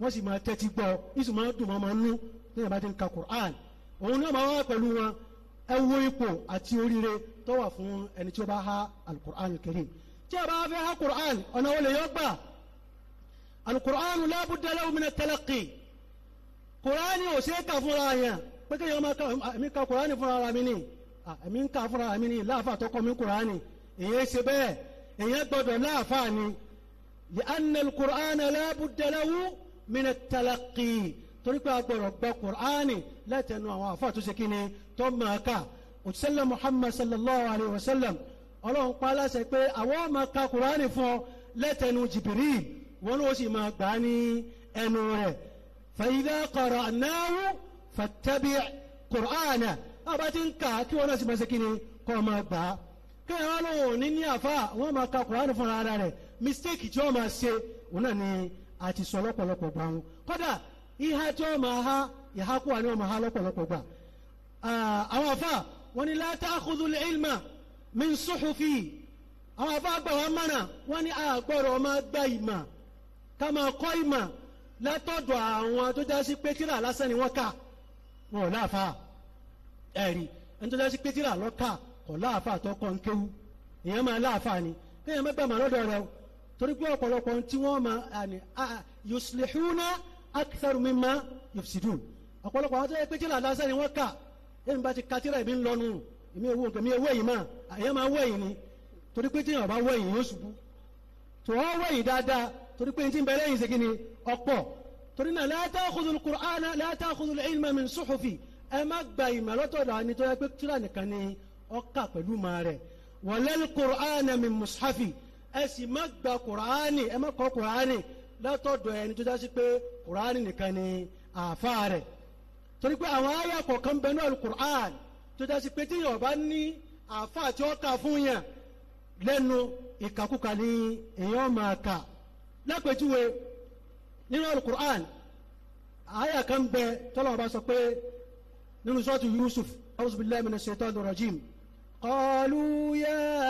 wọ́n sì máa tẹ́tí gbọ́ ìsùn máa dùn máa máa nú ní ìyàbá ti ń ka Qur'an òun náà máa wá pẹ̀lú wọn ẹ wo ipò àti oríire tó wà fún ẹni tí ó bá há al-Qur'an al-Karim tí a bá fẹ́ há Qur'an ọ̀nà wo lè yọ gbà al-Qur'an la budda lahu min at-talaqqi Qur'an ò ṣeé kà fúnra yẹn pé kí máa ka èmi ka Qur'an fúnra ara mi ni èmi ka fúnra mi ni láàfà tó kọ́ mi Qur'an èèyàn ṣe bẹ́ẹ̀ èèyàn gbọ́dọ̀ láàfà ni li anna al-Qur'an la budda lahu min at torí pé a gbọ́dọ̀ gbọ́ kùránì látẹnu àwọn àfáà tó ṣe kí ni tó máa kà òtísẹ́lẹ̀ muhammad sallallahu alayhi wa sallam ọlọ́run pa aláṣẹ pé àwọn máa ka kùránì fún ọ látẹnu jìbìrì wọn ló sì máa gbà á ní ẹnu rẹ̀ fàyídà kọ̀rọ̀ náwó fàtẹ́bí kùránà àbá ti ń kà kí wọn náà sì máa ṣe kí ni kọ́ máa gbà á kẹ́hìn wọn ní ní àfáà wọn máa ka kùránì fún ara rẹ̀ mistake tí wọn máa ṣe òun náà ni àti sọ lọ́pọ̀lọpọ̀ gbà wọn kódà ìhà tí wọ́n máa ha ìhákùwà ni wọ́n máa ha lọ́pọ̀lọpọ̀ gbà àwọn afa wọ́n ní la ta'khudhul ilma min suhufi àwọn afa gbà wọ́n mọ̀nà wọ́n ní àgbọ̀rọ̀ ọmọ gbà ìmọ̀ ká máa kọ́ ìmọ̀ látọ̀dọ̀ àwọn tó já sí pé tíra lásán ni wọ́n kà wọn ò láàfà ẹ̀rí ẹni tó já sí pé lọ́kà kò láàfà tó kọ́ ń ìyẹn máa láàfà ni kéèyàn má gbàmọ̀ lọ́dọ̀ rẹ o torí pé ọ̀pọ̀lọpọ̀ tí wọ́n máa àní akisaru mimma yufsidun ọ̀pọ̀lọpọ̀ àwọn tó yẹ pé tíra lásán ni wọ́n kà èmi bá ti ka tíra èmi ń lọ́nu èmi ewu nǹkan mi ewé yìí mà àyẹ́ máa wẹ̀ yìí ni torí pé tíyàn bá wẹ̀ yìí yóò ṣubú tó wọ́n wẹ̀ yìí dáadáa torí pé tí ń bẹ̀rẹ̀ yìí ṣe kí ni ọ̀pọ̀ torí náà la ta'khudhul qur'ana la ta'khudhul ilma min suhufi ẹ má gba ìmọ̀ lọ́tọ̀dọ̀ àni tó yẹ pé nìkan ni ọkà pẹ̀lú ma látọ̀dọ̀ ẹni tó jásí pé kùránì nìkan ni àáfàá rẹ̀ torí pé àwọn àyà kọ̀ọ̀kan bẹ ní alukur'an tó jásí pé tíyàn bá ní àáfàá tí ó kà fún yàn lẹ́nu ìkàkùkà ni èèyàn máa kà lápèjúwe nínú alukur'an àyà kan bẹ tọ́lọ́wọ́ sọ pé nínú sọ́ọ̀tù Yusuf auzubillahi minash shaitanir rajim. قالوا يا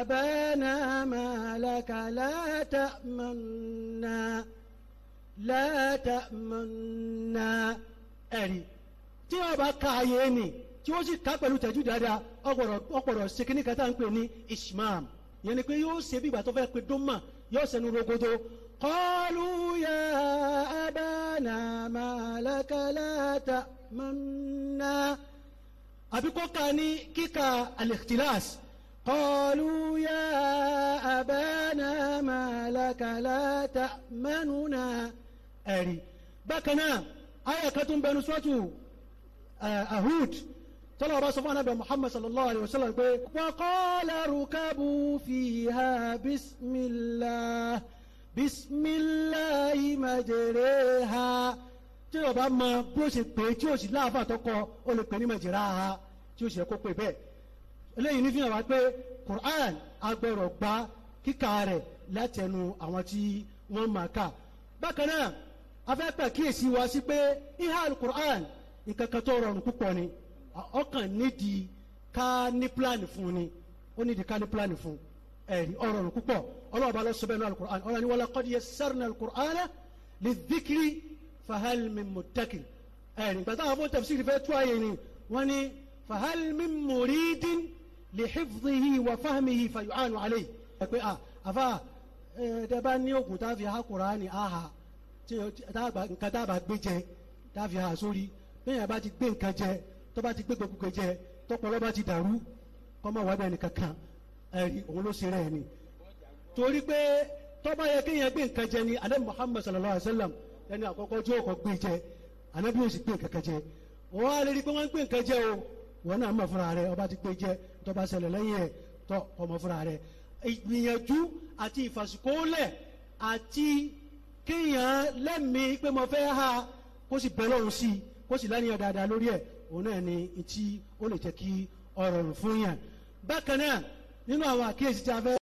أبانا ما لك لا تأمنا لا تأمنا ẹ̀rí tí wọ́n bá ka ayé ni tí wọ́n sì ká pẹ̀lú tẹ̀jú dáadáa ọ̀pọ̀rọ̀ sekini kata ń pè ní ishmaam yẹn ni pé yóò ṣe bí ìgbà tó fẹ́ pé dómà yóò ṣẹnu rogodo qalu ya abana ma laka la ta'manna. abi كيكا الاختلاس قالوا يا أبانا ما لك لا تأمننا أري بكنا آية كتم بين سواتو أهود صلى الله عليه وسلم محمد صلى الله عليه وسلم وقال ركبوا فيها بسم الله بسم الله مجريها tí yóò bá mọ bí ó ṣe pè é tí yóò sì láàbà tó kọ ó lè pè ní mọ̀jìrá ha tí ó sì kó pè bẹ́ẹ̀ eléyìí ní fi hàn wá pé Qur'an agbẹ̀rọ̀ gba kíkà rẹ̀ látẹnu àwọn tí wọ́n máa kà bákan náà afẹ́pẹ́ kíyèsí wa sí pé ihà Qur'an nǹkan kan tó rọrùn púpọ̀ ni ọkàn nídìí ká ní pílánì fún ni ó nídìí ká ní pílánì fún ẹ̀rí ọ̀rọ̀ púpọ̀ ọlọ́ọ̀bá lọ́sọ̀bẹ̀ náà Qur'an ọ̀rọ̀ ni wọ́n lọ́kọ́ di yẹ Qur'an lè díkiri fahal min muttaqin ẹ̀rìn gbàtà àwọn tafsiri fẹ́ tú ààyè ni wọ́n ní fahal min muridin li hifdhihi wa fahmihi fayu'anu alayhi ẹ pé àfa ẹ̀ẹ́dẹ́ bá ní òkun tá a fi ha Kùránì aha nǹkan tá a bá gbé jẹ tá a fi ha sórí bẹ́ẹ̀ yẹn bá ti gbé nǹkan jẹ tó bá ti gbé gbogbo jẹ tọpọlọ bá ti dàrú kọ́mọ wà bẹ́ẹ̀ ni kankan ẹ̀rí òun ló ṣe rẹ̀ ni torí pé tọ́ba yẹ kéèyàn gbé nǹkan jẹ ni alẹ́ Muhammad sallallahu alayhi wa sallam ẹni àkọ́kọ́ tí ó kọ́ gbé jẹ ànábì yóò sì gbé nǹkan jẹ wọ́n á lè rí pé wọ́n ń gbé nǹkan jẹ o wọ́n náà mọ̀ fúnra rẹ̀ ọba ti gbé jẹ tọba ṣẹlẹ̀ lẹ́yìn ẹ̀ tọ ọmọ fúnra rẹ̀ ìgbìyànjú àti ìfàsíkólẹ̀ àti kéèyàn lẹ́mìí pé mo fẹ́ ha kó sì bẹ́ lọ́run sí i kó sì lánìyàn dáadáa lórí ẹ̀ òun náà ni tí ó lè jẹ́ kí ọ̀rọ̀ rùn fún yàn bákan náà nínú àwọn àkíyèsí tí a fẹ́.